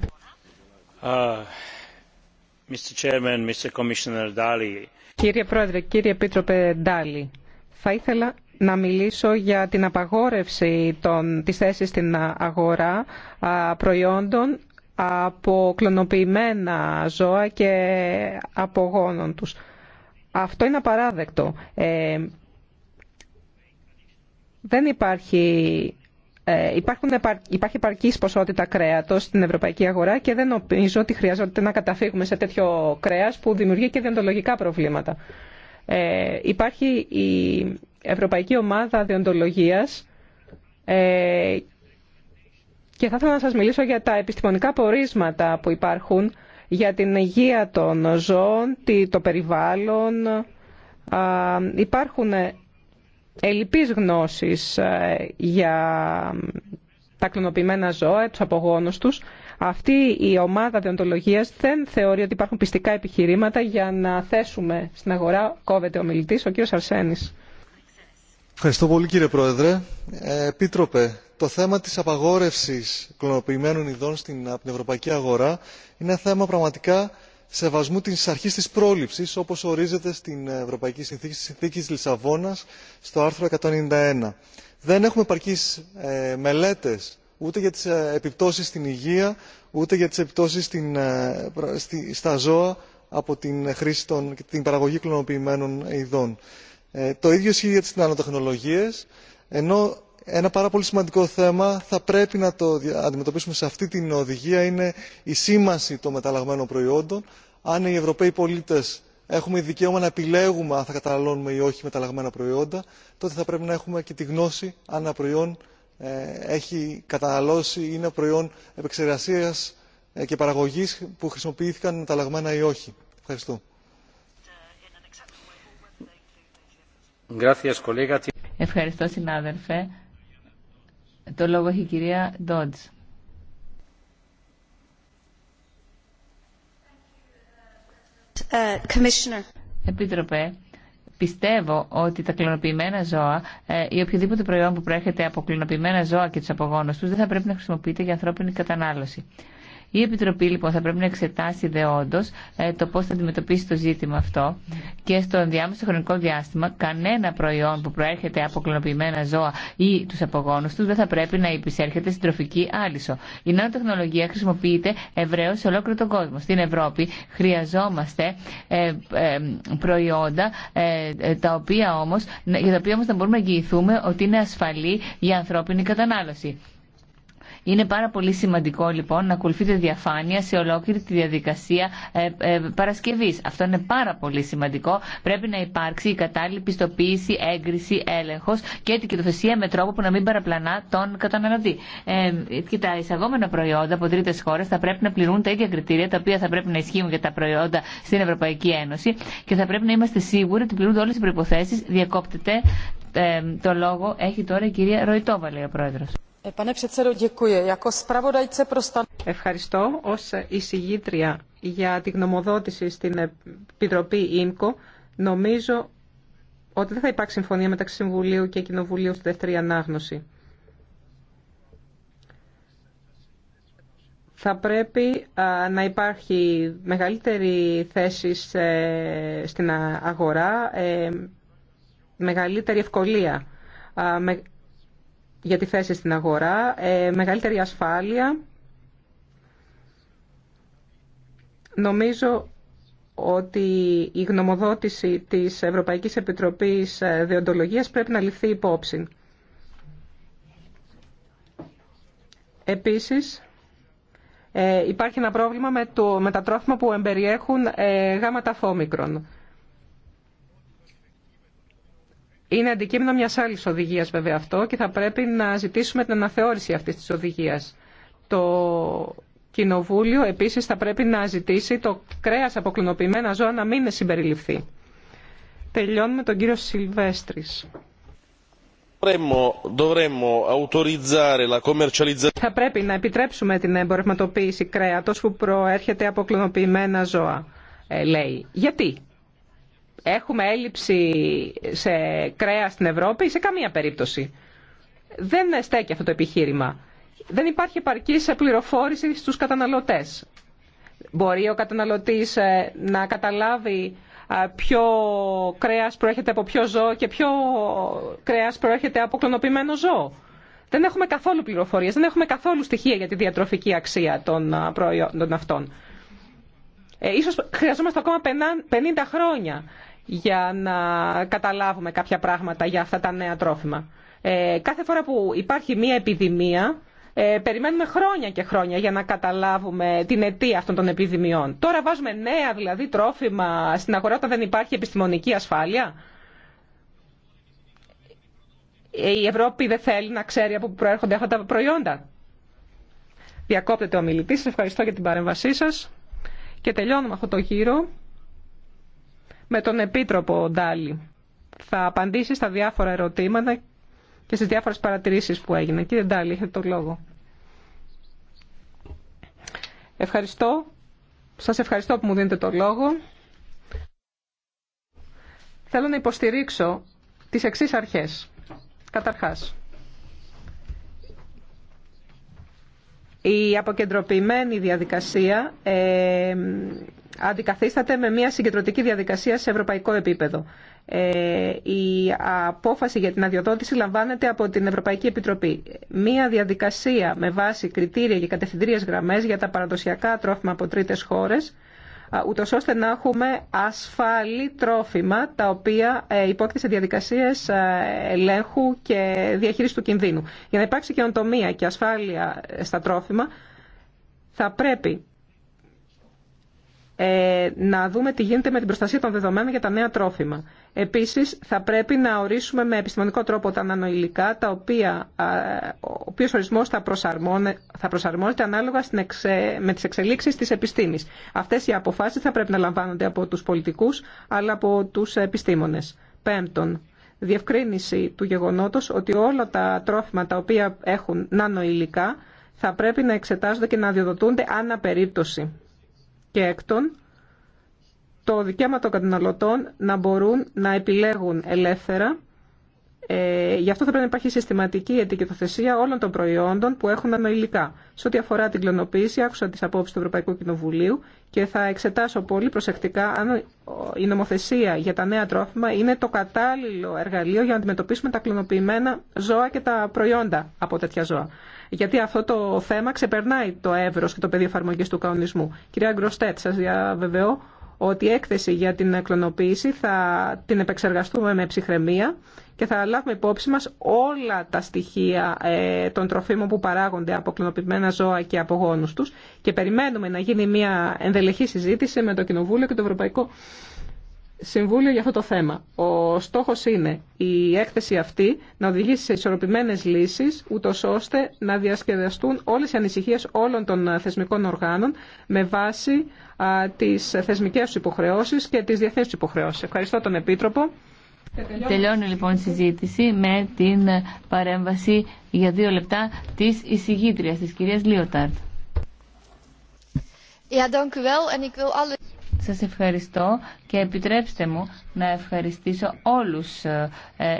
[SPEAKER 1] Κύριε Πρόεδρε, κύριε Επίτροπε Ντάλι, θα ήθελα να μιλήσω για την απαγόρευση των, της θέσης στην αγορά α, προϊόντων από κλωνοποιημένα ζώα και από γόνων τους. Αυτό είναι απαράδεκτο. Ε, δεν υπάρχει ε, υπάρχουν, υπάρχει ποσότητα κρέατος στην ευρωπαϊκή αγορά και δεν νομίζω ότι χρειάζεται να καταφύγουμε σε τέτοιο κρέας που δημιουργεί και διοντολογικά προβλήματα. Ε, υπάρχει η Ευρωπαϊκή Ομάδα Διοντολογίας ε, και θα ήθελα να σας μιλήσω για τα επιστημονικά πορίσματα που υπάρχουν για την υγεία των ζώων, το περιβάλλον. Υπάρχουν ελλειπείς γνώσεις ε, για τα κλωνοποιημένα ζώα, τους απογόνους τους. Αυτή η ομάδα διοντολογίας δεν θεωρεί ότι υπάρχουν πιστικά επιχειρήματα για να θέσουμε στην αγορά, κόβεται ο μιλητής, ο κύριος Αρσένης.
[SPEAKER 4] Ευχαριστώ πολύ κύριε Πρόεδρε. Ε, Επίτροπε, το θέμα της απαγόρευσης κλωνοποιημένων ειδών στην ευρωπαϊκή αγορά είναι ένα θέμα πραγματικά σεβασμού της αρχής της πρόληψης όπως ορίζεται στην ευρωπαϊκή συνθήκη στη συνθήκη λισαβόνας στο άρθρο. 191. δεν έχουμε επαρκείς ε, μελέτες ούτε για τις ε, επιπτώσεις στην υγεία ούτε για τις επιπτώσεις στην, ε, στα ζώα από την, χρήση των, την παραγωγή κλωνοποιημένων ειδών. το ίδιο ισχύει για τις νανοτεχνολογίες ενώ ένα πάρα πολύ σημαντικό θέμα θα πρέπει να το αντιμετωπίσουμε σε αυτή την οδηγία είναι η σήμανση των μεταλλαγμένων προϊόντων αν οι ευρωπαίοι πολίτες έχουμε δικαίωμα να επιλέγουμε αν θα καταναλώνουμε ή όχι μεταλλαγμένα προϊόντα τότε θα πρέπει να έχουμε και τη γνώση αν ένα προϊόν ε, έχει καταναλώσει ή είναι προϊόν επεξεργασίας ε, και παραγωγής που χρησιμοποιήθηκαν μεταλλαγμένα ή όχι. Ευχαριστώ. Ευχαριστώ
[SPEAKER 2] το λόγο έχει η κυρία Ντότζ. Ε, Επίτροπε, πιστεύω ότι τα κλωνοποιημένα ζώα ε, ή οποιοδήποτε προϊόν που προέρχεται από κλωνοποιημένα ζώα και τους απογόνους τους δεν θα πρέπει να χρησιμοποιείται για ανθρώπινη κατανάλωση. Η Επιτροπή λοιπόν θα πρέπει να εξετάσει δεόντως ε, το πώ θα αντιμετωπίσει το ζήτημα αυτό και στο ενδιάμεσο χρονικό διάστημα κανένα προϊόν που προέρχεται από κλωνοποιημένα ζώα ή του απογόνους του δεν θα πρέπει να υπησέρχεται στην τροφική άλυσο. Η νέα τεχνολογία χρησιμοποιείται ευρέω σε ολόκληρο τον κόσμο. Στην Ευρώπη χρειαζόμαστε ε, ε, προϊόντα τα οποία όμως, για τα οποία όμω θα μπορούμε να εγγυηθούμε ότι είναι ασφαλή για ανθρώπινη κατανάλωση. Είναι πάρα πολύ σημαντικό λοιπόν να ακολουθείτε διαφάνεια σε ολόκληρη τη διαδικασία ε, ε, παρασκευής. Αυτό είναι πάρα πολύ σημαντικό. Πρέπει να υπάρξει η κατάλληλη πιστοποίηση, έγκριση, έλεγχο και ετικετοθεσία με τρόπο που να μην παραπλανά τον καταναλωτή. Ε, και τα εισαγόμενα προϊόντα από τρίτε χώρε θα πρέπει να πληρούν τα ίδια κριτήρια τα οποία θα πρέπει να ισχύουν για τα προϊόντα στην Ευρωπαϊκή Ένωση και θα πρέπει να είμαστε σίγουροι ότι πληρούνται όλε οι προποθέσει. Διακόπτεται ε, το λόγο έχει τώρα η κυρία Ροϊτόβα, λέει ο πρόεδρος.
[SPEAKER 1] Ε, Ευχαριστώ. Ως εισηγήτρια για την γνωμοδότηση στην Επιτροπή ΙΜΚΟ, νομίζω ότι δεν θα υπάρξει συμφωνία μεταξύ Συμβουλίου και Κοινοβουλίου στη δεύτερη ανάγνωση. Θα πρέπει να υπάρχει μεγαλύτερη θέση στην αγορά, ε, μεγαλύτερη ευκολία για τη θέση στην αγορά, ε, μεγαλύτερη ασφάλεια. Νομίζω ότι η γνωμοδότηση της Ευρωπαϊκής Επιτροπής ε, Διοντολογίας πρέπει να ληφθεί υπόψη. Επίσης, ε, υπάρχει ένα πρόβλημα με, το, με τα τρόφιμα που εμπεριέχουν γάματα φόμικρον. Είναι αντικείμενο μιας άλλη οδηγία βέβαια αυτό και θα πρέπει να ζητήσουμε την αναθεώρηση αυτής της οδηγίας. Το Κοινοβούλιο επίσης θα πρέπει να ζητήσει το κρέα από κλωνοποιημένα ζώα να μην συμπεριληφθεί. Τελειώνουμε τον κύριο Σιλβέστρης. Θα πρέπει να επιτρέψουμε την εμπορευματοποίηση κρέατος που προέρχεται από κλωνοποιημένα ζώα, ε, λέει. Γιατί Έχουμε έλλειψη σε κρέα στην Ευρώπη σε καμία περίπτωση. Δεν στέκει αυτό το επιχείρημα. Δεν υπάρχει επαρκή πληροφόρηση στους καταναλωτές. Μπορεί ο καταναλωτής ε, να καταλάβει ε, ποιο κρέας προέρχεται από ποιο ζώο και ποιο κρέας προέρχεται από κλωνοποιημένο ζώο. Δεν έχουμε καθόλου πληροφορίες, δεν έχουμε καθόλου στοιχεία για τη διατροφική αξία των ε, προϊόντων αυτών. Ε, ίσως χρειαζόμαστε ακόμα 50 χρόνια για να καταλάβουμε κάποια πράγματα για αυτά τα νέα τρόφιμα. Ε, κάθε φορά που υπάρχει μία επιδημία, ε, περιμένουμε χρόνια και χρόνια για να καταλάβουμε την αιτία αυτών των επιδημιών. Τώρα βάζουμε νέα δηλαδή τρόφιμα στην αγορά όταν δεν υπάρχει επιστημονική ασφάλεια. Ε, η Ευρώπη δεν θέλει να ξέρει από πού προέρχονται αυτά τα προϊόντα. Διακόπτεται ο μιλητής. Σας ευχαριστώ για την παρέμβασή σας. Και τελειώνουμε αυτό το γύρο με τον Επίτροπο Ντάλι. Θα απαντήσει στα διάφορα ερωτήματα και στις διάφορες παρατηρήσεις που έγιναν. Κύριε Ντάλι, έχετε το λόγο. Ευχαριστώ. Σας ευχαριστώ που μου δίνετε το λόγο. Θέλω να υποστηρίξω τις εξής αρχές. Καταρχάς, η αποκεντρωπημένη διαδικασία ε, αντικαθίσταται με μια συγκεντρωτική διαδικασία σε ευρωπαϊκό επίπεδο. Ε, η απόφαση για την αδειοδότηση λαμβάνεται από την Ευρωπαϊκή Επιτροπή. Μια διαδικασία με βάση κριτήρια και κατευθυντήριες γραμμές για τα παραδοσιακά τρόφιμα από τρίτες χώρες, ούτω ώστε να έχουμε ασφαλή τρόφιμα τα οποία ε, υπόκειται σε διαδικασίε ε, ελέγχου και διαχείριση του κινδύνου. Για να υπάρξει καινοτομία και ασφάλεια στα τρόφιμα, θα πρέπει ε, να δούμε τι γίνεται με την προστασία των δεδομένων για τα νέα τρόφιμα. Επίσης, θα πρέπει να ορίσουμε με επιστημονικό τρόπο τα νανοηλικά, τα οποία, ο οποίος ορισμός θα, θα προσαρμόζεται ανάλογα στην εξε, με τις εξελίξεις της επιστήμης. Αυτές οι αποφάσεις θα πρέπει να λαμβάνονται από τους πολιτικούς, αλλά από τους επιστήμονες. Πέμπτον, διευκρίνηση του γεγονότος ότι όλα τα τρόφιμα τα οποία έχουν νανοηλικά θα πρέπει να εξετάζονται και να διοδοτούνται ανά περίπτωση και έκτον το δικαίωμα των καταναλωτών να μπορούν να επιλέγουν ελεύθερα. Ε, γι' αυτό θα πρέπει να υπάρχει συστηματική ετικετοθεσία όλων των προϊόντων που έχουν ανοηλικά. Σε ό,τι αφορά την κλωνοποίηση, άκουσα τι απόψει του Ευρωπαϊκού Κοινοβουλίου και θα εξετάσω πολύ προσεκτικά αν η νομοθεσία για τα νέα τρόφιμα είναι το κατάλληλο εργαλείο για να αντιμετωπίσουμε τα κλωνοποιημένα ζώα και τα προϊόντα από τέτοια ζώα γιατί αυτό το θέμα ξεπερνάει το εύρο και το πεδίο εφαρμογή του κανονισμού. Κυρία Γκροστέτ, σας διαβεβαιώ ότι η έκθεση για την κλωνοποίηση θα την επεξεργαστούμε με ψυχραιμία και θα λάβουμε υπόψη μας όλα τα στοιχεία ε, των τροφίμων που παράγονται από κλωνοποιημένα ζώα και από γόνους τους και περιμένουμε να γίνει μια ενδελεχή συζήτηση με το Κοινοβούλιο και το Ευρωπαϊκό Συμβούλιο για αυτό το θέμα. Ο στόχος είναι η έκθεση αυτή να οδηγήσει σε ισορροπημένε λύσεις, ούτω ώστε να διασκεδαστούν όλες οι ανησυχίες όλων των θεσμικών οργάνων με βάση τι τις θεσμικές υποχρεώσεις και τις του υποχρεώσεις. Ευχαριστώ τον Επίτροπο.
[SPEAKER 2] Τελειώνει λοιπόν η συζήτηση με την παρέμβαση για δύο λεπτά της εισηγήτριας, της κυρίας Λίοταρτ. Σας ευχαριστώ και επιτρέψτε μου να ευχαριστήσω όλους ε,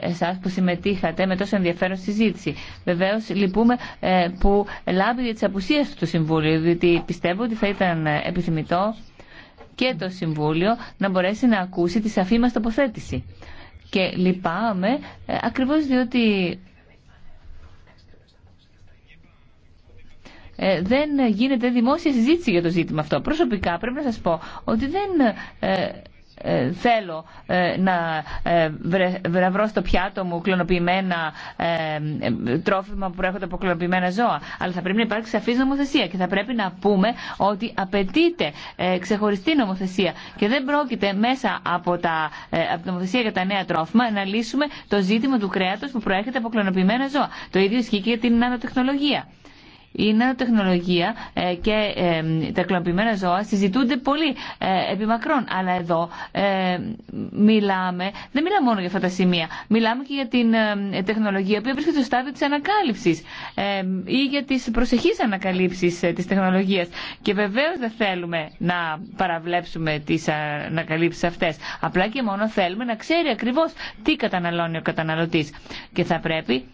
[SPEAKER 2] εσάς που συμμετείχατε με τόσο ενδιαφέρον συζήτηση. Βεβαίως λυπούμε ε, που λάβει για τις απουσίες του το Συμβούλιο, διότι πιστεύω ότι θα ήταν επιθυμητό και το Συμβούλιο να μπορέσει να ακούσει τη σαφή μας τοποθέτηση. Και λυπάμαι ε, ακριβώς διότι Ε, δεν γίνεται δημόσια συζήτηση για το ζήτημα αυτό. Προσωπικά πρέπει να σας πω ότι δεν ε, ε, θέλω να, βρε, βρω στο πιάτο μου κλωνοποιημένα τρόφιμα που προέρχονται από κλωνοποιημένα ζώα. Αλλά θα πρέπει να υπάρξει σαφή νομοθεσία και θα πρέπει να πούμε ότι απαιτείται ξεχωριστή νομοθεσία και δεν πρόκειται μέσα από, τα, από τη νομοθεσία για τα νέα τρόφιμα να λύσουμε το ζήτημα του κρέατος που προέρχεται από κλωνοποιημένα ζώα. Το ίδιο ισχύει και για την ανατεχνολογία η τεχνολογία ε, και ε, τα κλωνοποιημένα ζώα συζητούνται πολύ ε, επιμακρών. Αλλά εδώ μιλάμε, δεν μιλάμε μόνο για αυτά τα σημεία, μιλάμε και για την τεχνολογία που βρίσκεται στο στάδιο της ανακάλυψης ή για τις προσεχείς ανακαλύψεις της τεχνολογίας. Και βεβαίως δεν θέλουμε να παραβλέψουμε τις ανακαλύψεις αυτές. Απλά και μόνο θέλουμε να ξέρει ακριβώς τι καταναλώνει ο καταναλωτής. Και θα πρέπει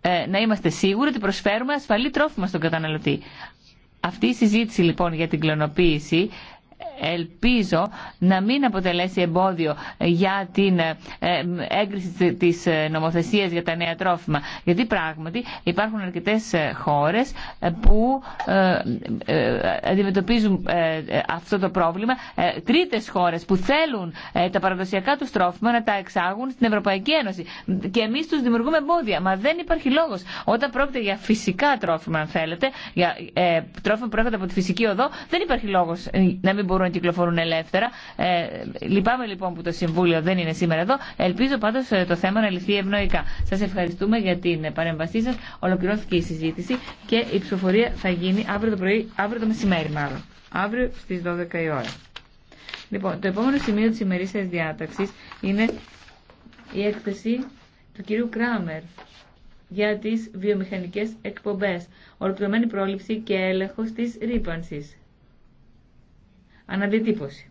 [SPEAKER 2] ε, να είμαστε σίγουροι ότι προσφέρουμε ασφαλή τρόφιμα στον καταναλωτή. Αυτή η συζήτηση λοιπόν για την κλωνοποίηση ελπίζω να μην αποτελέσει εμπόδιο για την ε, έγκριση της νομοθεσίας για τα νέα τρόφιμα. Γιατί πράγματι υπάρχουν αρκετές χώρες που ε, ε, αντιμετωπίζουν αυτό το πρόβλημα. Τρίτες χώρες που θέλουν τα παραδοσιακά τους τρόφιμα να τα εξάγουν στην Ευρωπαϊκή Ένωση. Και εμείς τους δημιουργούμε εμπόδια. Μα δεν υπάρχει λόγος. Όταν πρόκειται για φυσικά τρόφιμα, αν θέλετε, για τρόφιμα που προέρχονται από τη φυσική οδό, δεν υπάρχει λόγος μπορούν να κυκλοφορούν ελεύθερα. Ε, λυπάμαι λοιπόν που το Συμβούλιο δεν είναι σήμερα εδώ. Ελπίζω πάντω ε, το θέμα να λυθεί ευνοϊκά. Σα ευχαριστούμε για την παρέμβασή σα. Ολοκληρώθηκε η συζήτηση και η ψηφοφορία θα γίνει αύριο το πρωί, αύριο το μεσημέρι μάλλον. Αύριο στι 12 η ώρα. Λοιπόν, το επόμενο σημείο τη ημερήσια διάταξη είναι η έκθεση του κυρίου Κράμερ για τις βιομηχανικές εκπομπές, ολοκληρωμένη πρόληψη και έλεγχος της ρήπανσης. Αναδιατύπωση.